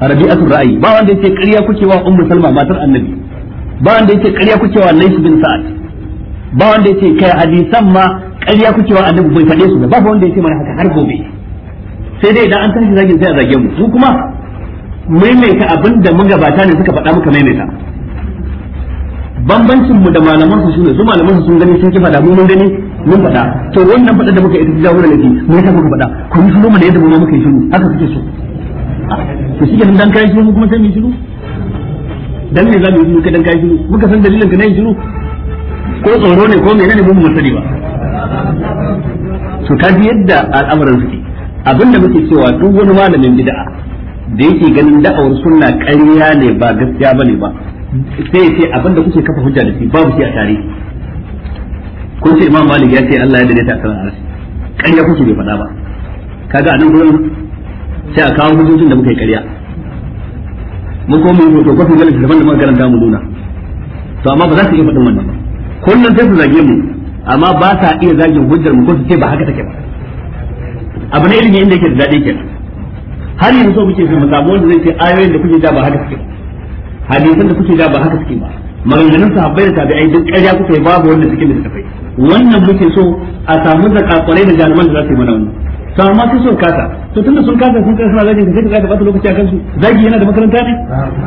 Rabi'atul Ra'i ba wanda yake ƙarya kuke wa Ummu Salma matar Annabi ba wanda yake ƙarya kuke wa Lais bin Sa'ad ba wanda yake kai hadisan ma ƙarya kuke wa Annabi bai faɗe su ba ba wanda yake mana haka har gobe sai dai idan an tashi zagin sai a zage mu su kuma maimaita abin da gabata ne suka faɗa muka maimaita bambancin mu da malaman su shine su malaman su sun gani sun kifa faɗa mu mun gani mun faɗa to wannan faɗa da muka yi ta jawo da laifi mun yasa muka faɗa ko mu shiru mu da yadda mu muka yi shiru haka suke so to shi kenan dan kai shiru kuma sai mu shiru dan me za mu yi kadan kai shiru muka san dalilin ka na yin shiru ko tsoro ne ko menene mun mu sani ba to kaji yadda al'amuran suke abinda muke cewa duk wani malamin bid'a da yake ganin da'awar sunna ƙarya ne ba gaskiya bane ba sai ya ce abinda kuke kafa hujja da shi babu shi a tarihi kun ce imam malik ya ce Allah ya dade a kan arshi ƙarya kuke bai faɗa ba kaga a nan gurin sai a kawo hujjojin da muka yi ƙarya mun ko mun hoto kwafi da daban da muka karanta mu nuna to amma ba za su iya faɗin wannan ba kullum sai su zage mu amma ba sa iya zagin hujjar mu ko su ce ba haka take ba abu ne ilimi inda yake da daɗi kenan har yanzu so muke mu samu wanda zai ce ayoyin da kuke da ba haka take ba hadisan da kuke da ba haka take ba maganganun sahabbai da tabi'ai duk ƙarya kuka yi babu wanda suke da tafai wannan muke so a samu zakakwarai da jaruman da za su yi mana wannan to amma sun kasa to tunda sun kasa sun kasa suna zagi sun kai ka bata lokaci a kansu zagi yana da makaranta ne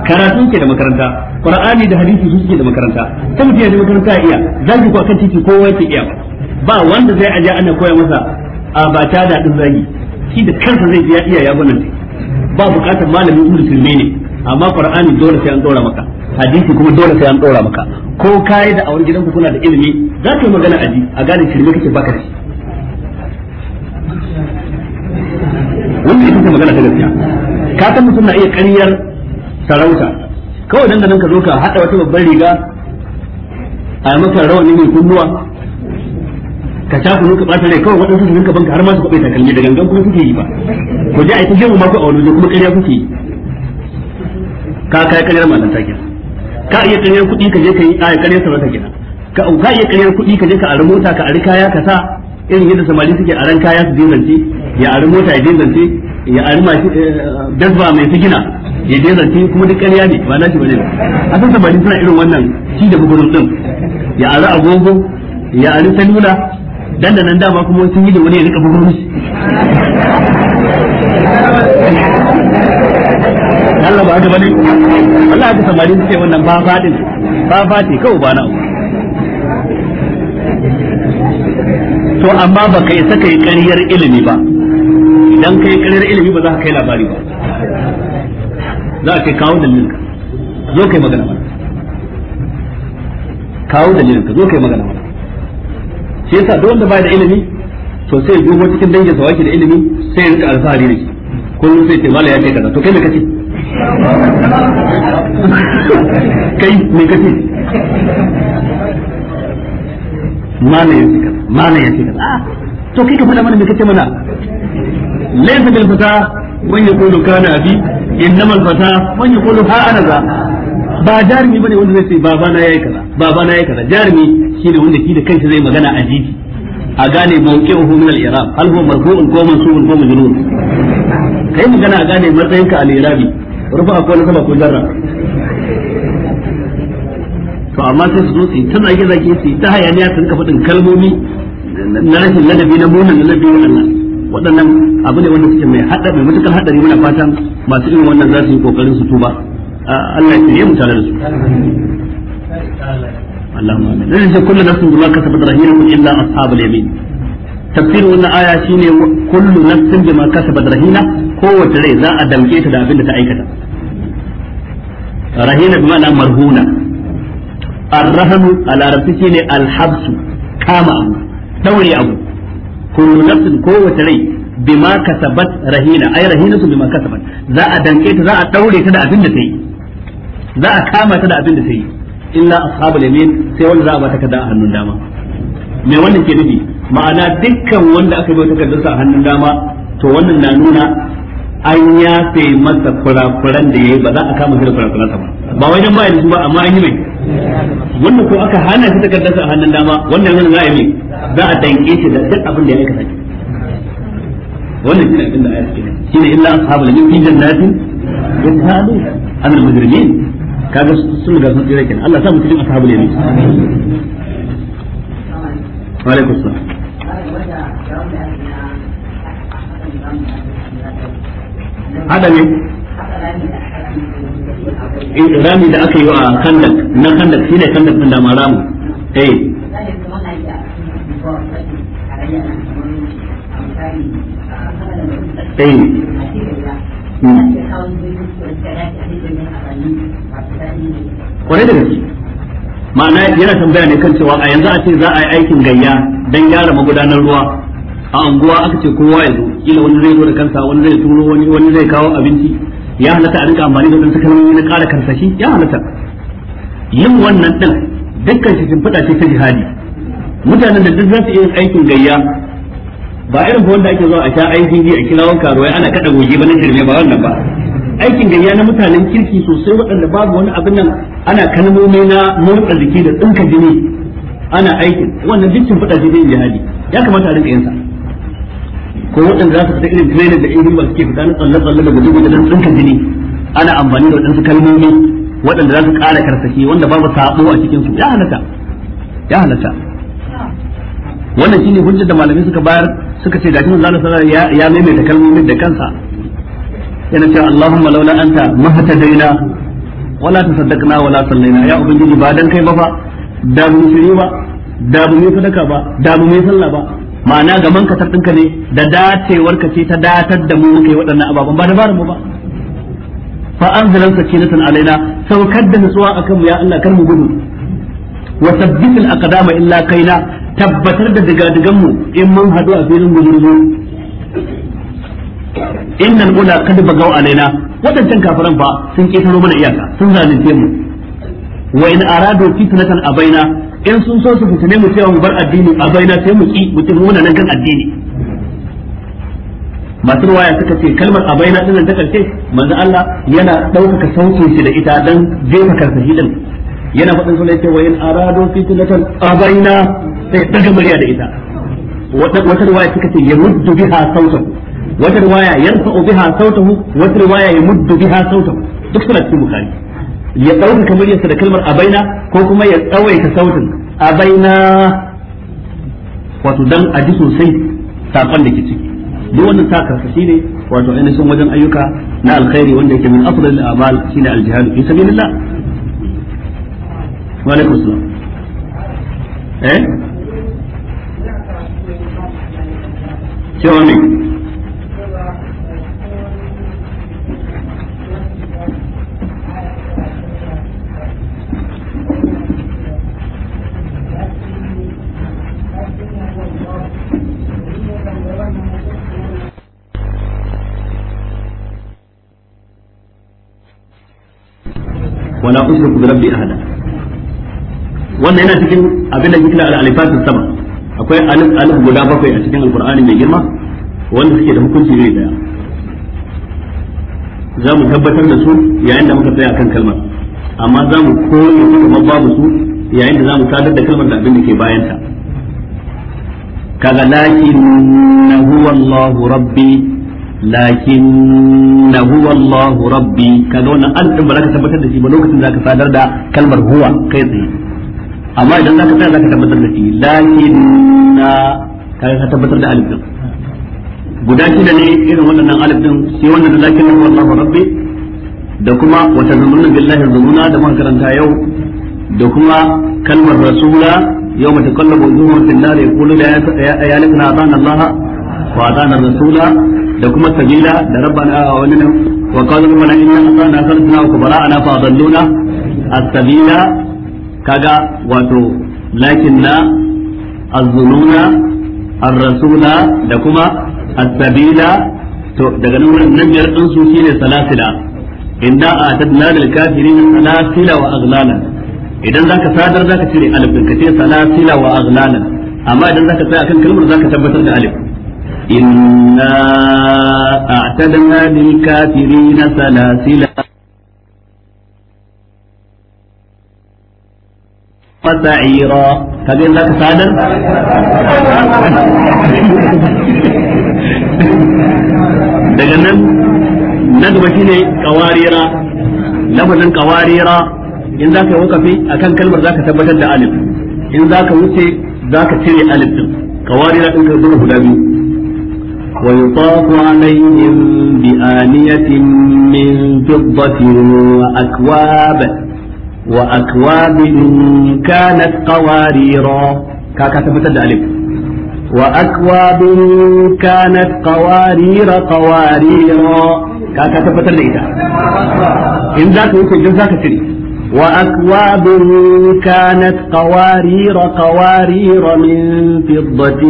karatu ke da makaranta qur'ani da hadisi su suke da makaranta ta mutum ya je makaranta iya zagi ko kan titi kowa yake iya ba wanda zai aje ana koya masa a ba ta da din zagi shi da kansa zai iya iya ya bunan ba bukatar malamin umar filme ne amma qur'ani dole sai an dora maka hadisi kuma dole sai an dora maka ko kai da auren gidanku kuna da ilimi za ka yi magana aji a gane shirme kake baka shi wanda ita ce magana ta gaskiya ka san mutum na iya ƙaryar sarauta kawai da nan ka zo ka haɗa wata babbar riga a maka rawani mai kunnuwa ka sha kunu ka ɓata rai kawai waɗansu su ninka banka har ma su kwaɓe takalmi da gangan kuma kuke yi ba ku je a ita jemu ma ku a wani waje kuma ƙarya kuke yi ka kai ƙaryar malanta kenan ka iya ƙaryar kuɗi ka je ka yi a ƙaryar sarauta ke ka ka iya ƙaryar kuɗi ka je ka a mota ka ari kaya ka sa irin yadda samari suke a ran kaya su dinanci ya ari mota ya je zance ya ari mashi eh, dasba mai sigina ya je zance kuma duk ƙarya ne ba nashi bane a san sabani suna irin wannan shi da bugurin din ya ari agogo ya ari salula dan da nan dama kuma sun yi da wani ya rika bugurin shi Allah ba haka bane Allah haka samari suke wannan ba fadin ba fati kawai ba na'u to amma ba ka isa kai ƙaryar ilimi ba idan kai ƙaryar ilimi ba za ka kai labari ba za ka kawo dalilin ka zo kai magana mana kawo dalilin ka zo kai magana mana shi yasa duk wanda baya da ilimi to sai ya dubo cikin dangin sa wake da ilimi sai ya rika alfahari ne ko sai ce mala ya ce kaza to kai me kace kai me kace mala ce Mana ya ce kaza ah, to kai ka faɗa mana me kake mana laysa bil fata man yaqulu kana abi innamal al fata man yaqulu ha ana za ba jarumi bane wanda zai ce baba na yayi kaza baba na yayi kaza jarumi shine wanda ki da kanshi zai magana a jiki a gane mawqi'uhu min al-i'rab hal huwa marfu'un ko mansubun ko majrur kai magana a gane matsayinka al-i'rabi rufa ko nasaba ko jarra to amma sai su zo su ta zage zage su ta hayaniya sun kafa din kalmomi na rashin ladabi na munan ladabi wannan waɗannan abu ne wanda suke mai haɗa mai matukar haɗari muna fatan masu irin wannan za su yi kokarin su tuba Allah ya tsare mu tare da su اللهم امين ليس كل نفس بما كسبت رهينه illa اصحاب اليمين tafsirin wannan aya shine kullu nafsin bima kasabat rahina kowace rai za a damke ta da abin da ta aikata rahina bi ma'ana marhuna ar-rahnu a larabci shine al-habsu kama abu daure abu kullu nafsin kowace rai bima kasabat rahina ai rahinatu bima kasabat za a danke ta za a daure ta da abin da ta yi za a kama ta da abin da ta yi illa ashabul yamin sai wanda za a bata kada a hannun dama me wannan ke nufi ma'ana dukkan wanda aka bai takardarsa a hannun dama to wannan na nuna an yafe masa kurakuran da yayi ba za a kama shi da kurakuran sa ba ba wajen ba yanzu ba amma an yi mai wannan ko aka hana shi takardar sa a hannun dama wannan yana za a yi za a danke shi da duk abin da ya aikata wannan shi ne abin da ayat ke shi ne illa ashabul yamin fi jannatin yadhalu an al-mujrimin kaga sun ga sun tsira kenan Allah ya sa mutum ashabul yamin wa alaikum assalam hada ne rami da aka yi wa kandak na kandak ne kandak din da maramu eh eh kwanai da gaske ma'ana yana tambaya ne kan cewa a yanzu a ce za a yi aikin gayya don gyara magudanar ruwa a unguwa aka ce kowa ya zo kila wani zai zo da kansa wani zai turo wani zai kawo abinci ya halatta a rinka amfani da wadansu kalmomi na ƙara karsashi ya halatta yin wannan din dukkan shi fada ce ta jihadi mutanen da duk za su iya aikin gayya ba irin wanda ake zuwa a sha aikin a kilawar karuwai ana kada goge ba na shirme ba wannan ba aikin gayya na mutanen kirki sosai waɗanda babu wani abin nan ana kalmomi na motsa jiki da tsinka jini ana aikin wannan dukkan fada ce ta jihadi ya kamata a rinka yin sa ko waɗanda za su fita irin training da irin ba suke fita na tsalle-tsalle da guje-guje don tsinka jini ana amfani da waɗansu kalmomi waɗanda za su ƙara karsashi wanda babu sabo a cikin su ya halatta ya halatta wannan shine hujjar da malamai suka bayar suka ce gashi Allah sallallahu alaihi ya maimaita kalmomin da kansa yana cewa Allahumma laula anta mahtadaina wala tasaddaqna wala sallaina ya ubangiji ba dan kai ba fa da mu shiri ba da mu sadaka ba da mu sallah ba ma'ana ga kasar ɗinka ne da dacewar ka ce ta datar da mu kai waɗannan ababen ba da dabarar mu ba fa anzalan sakinatan alaina saukar da nutsuwa akan mu ya Allah kar mu gudu wa al aqdama illa kaina tabbatar da digadigan mu in mun hadu a filin gudurzu innal ula kad bagaw alaina wadannan kafiran ba sun ketaro mana iyaka sun zalunce mu wa in aradu fitnatan abaina in sun so su fitine mu cewa mu bar addini a baina sai mu ki mutum muna nan kan addini masu ruwaya suka ce kalmar a baina din nan ta karshe manzo Allah yana ɗaukaka sautin shi da ita dan jefa kansa hidin yana faɗin sunan cewa in arado fitnatan a baina sai daga murya da ita wata ruwaya suka ce ya muddu biha sautahu wata ruwaya yarfa'u biha sautahu wata ruwaya ya muddu biha sautahu duk suna cikin bukhari ya ɗaukaka muryarsa da kalmar baina ko kuma ya tsawaita sautin a baina. wato dan a ji sosai saƙon da ke ciki duk wannan ta karkashi ne wato ainihin wajen ayyuka na alkhairi wanda yake min afdal al-amal shine al-jihad fi sabilillah wa alaikum salam eh cewa ne ushriku bi rabbi ahada wannan yana cikin abin da yake kira al sama akwai alif alif guda bakwai a cikin alqur'ani mai girma wanda suke da hukunci ne daya za mu tabbatar da su yayin da muka tsaya akan kalmar amma za mu koyi kuma babu su yayin da za mu sadar da kalmar da abin da ke bayanta kaga lakin huwa Allahu rabbi Lakin na huwa Allahu rabbi kaga wannan an za ka tabbatar da shi ba lokacin da ka sadar da kalmar huwa kai tsaye amma idan za ka tsaya za ka tabbatar da shi na kaga ka tabbatar da alif din guda shida ne irin wannan alif din sai wannan na huwa Allahu rabbi da kuma wata zununa billahi zununa da muka karanta yau da kuma kalmar rasula yau mata kallabu zuwa fil nar yaqulu da ya lakna atana Allah wa atana rasula da kuma sabila da rabbana wani nan wa qala rabbana inna asana sarfina wa kubara'ana fa dalluna as-sabila kaga wato lakin na az-zununa ar-rasula da kuma as-sabila to daga nan wurin nan biyar din su shine salasila inna a'tadna lil kafirin salasila wa aghlala idan zaka sadar zaka cire alif din ka ce salasila wa aghlala amma idan zaka tsaya akan kalmar zaka tabbatar da alif إنا أعتدنا للكافرين سلاسلا وسعيرا هل لك سعدا؟ ندب شيني كواريرا لفظا كواريرا إن ذاك وقفي أكان كلمة ذاك تبجد ألف إن ذاك وقفي ذاك تري ألف كواريرا إن كان ويطاف عليهم بآنية من فضة وأكواب وأكواب كانت قواريرا كاكا تبتد ألف وأكواب كانت قوارير قواريرا كاكا تبتد إذا إن ذاك يمكن ذاك سري وأكواب كانت قوارير قوارير من فضة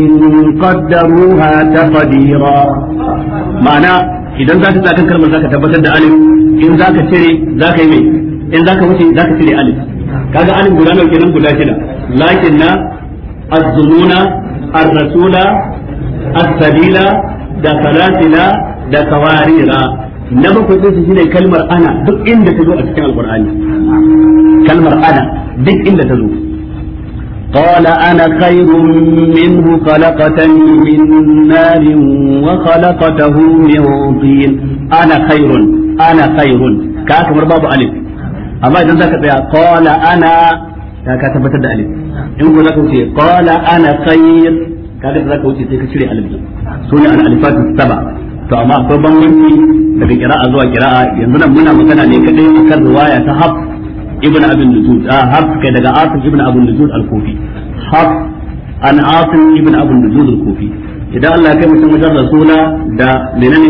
قدروها تقديرا معنى idan za ka sa kan kalmar ka tabbatar da alif in za ka cire za ka yi mai in za ka wuce za ka cire alif kaga alif guda guda da salasila da kawarira na bakwai din su shine kalmar ana duk inda ta zo a cikin alqur'ani kalmar ana duk inda ta zo قال أنا خير منه خلقتني من نار وخلقته من طين أنا خير أنا خير كاك مرباب ألف أما إذا ذاك قال أنا كاك تبتد ألف إن ذاك قال أنا خير كاك ذاك وتي تكسري ألف سوري أنا ألفات السبع to amma akwai bambanci daga kira'a zuwa kira'a yanzu nan muna magana ne kadai akan riwaya ta haf ibn abin lutut a ah, haf kai daga asim ibn abin lutut al kofi haf an asim ibn abin lutut al kofi idan Allah ya kai mutum wajen rasula da menene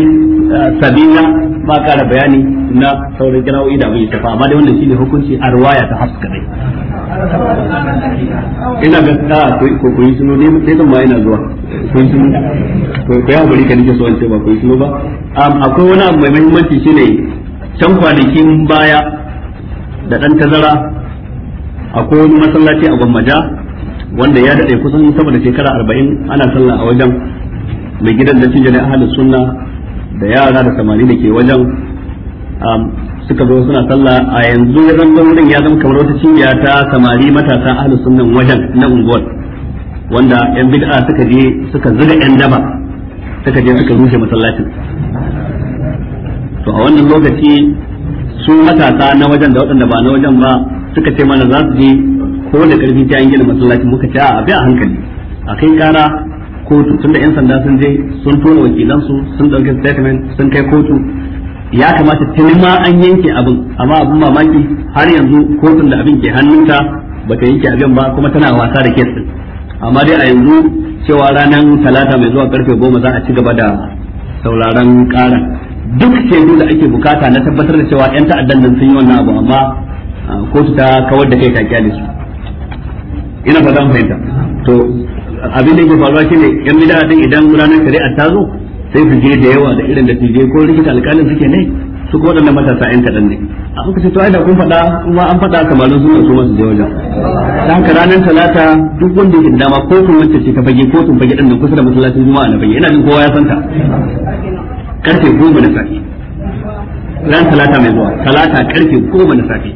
ah, sabina ba kara bayani na sauran kira'o'i da abin ya tafa amma dai wannan shine hukunci a riwaya ta haf kadai ina ga ta ko ko yi suno ne sai zan ma ina zuwa ko yi suno ko ko ya bari ka nake so an ce ba ko yi suno ba akwai wani abu mai muhimmanci shine can kwanakin baya da dan tazara akwai wani masallaci a Gwammaja wanda ya dade kusan sama da shekara 40 ana sallah a wajen mai gidan da cinjani ahlus sunna da yara da samari da ke wajen suka zo suna sallah a yanzu ya zama wurin ya zama kamar wata cibiya ta samari matasa ahlus sunnan wajen na unguwar wanda yan bid'a suka je suka zuga yan daba suka je suka rushe masallacin to a wannan lokaci su matasa na wajen da waɗanda ba na wajen ba suka ce mana za su je ko da karfi ta gina masallacin muka ce a bi a hankali a kai kara kotu tunda yan sanda sun je sun tona wakilansu sun ɗauki statement sun kai kotu ya kamata tuni ma an yanke abin amma abin mamaki har yanzu kotun da abin ke hannunta ta yanke abin ba kuma tana wasa da kes din amma dai a yanzu cewa ranar talata mai zuwa karfe goma za a ci gaba da sauraron kara duk shaidu da ake bukata na tabbatar da cewa yan ta'addan nan sun yi wannan abu amma kotu ta kawar da kai ta kyale su ina fata fahimta to abin da ke faruwa shine yan bid'a din idan ranar shari'a ta zo sai su je da yawa da irin da su je ko likita alƙalin suke ne su ko waɗannan matasa yan kaɗan ne a kuka ce to ai da kun faɗa kuma an faɗa kamar su su masu je wajen ta haka ranar talata duk wanda yake dama kun wacce ce ka fage ko kun fage ɗan da kusa da masallacin juma'a na fage ina jin kowa ya santa karfe goma na safe ran talata mai zuwa talata karfe goma na safe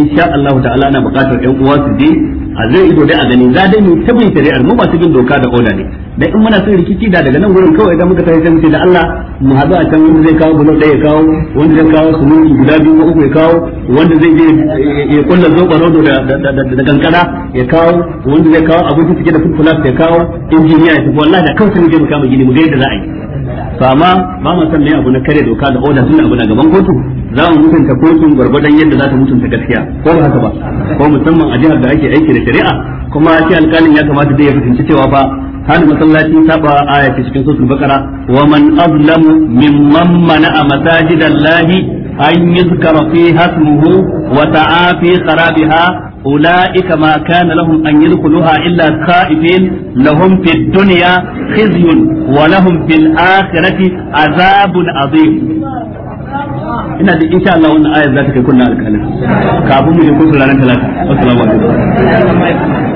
insha Allah ta'ala na buƙatar ƴan uwa su je a zai ido dai a gani za dai mu tabbata dai mu su bin doka da oda ne dan in muna son rikici da daga nan gurin kawai da muka sai muke da Allah mu hadu a can wanda zai kawo bulo ɗaya ya kawo wanda zai kawo sumunci guda biyu ko uku ya kawo wanda zai je ya kulla zoba rodo da da kankara ya kawo wanda zai kawo abinci cike da food ya kawo injiniya ya tafi wallahi da kansa ne zai mu kama gini mu ga yadda za a yi to amma ba mu san me abu na kare doka da oda suna abu na gaban kotu za mu mutunta kotun gwargwadon yadda za ta mutunta gaskiya ko ba haka ba ko musamman a jihar da ake aiki da shari'a kuma shi alƙalin ya kamata da ya fahimci cewa ba har masallaci saba aya ce cikin suratul bakara wa man azlamu mimman mana'a lahi an yuzkara fi hasmuhu wa ta'a fi kharabiha أولئك ما كان لهم أن يدخلوها إلا خائفين لهم في الدنيا خزي ولهم في الآخرة azabun عظيم ina da insha Allah wannan ayar za ta kai kunna alƙalin kafin mu je kusa ranar talata assalamu alaikum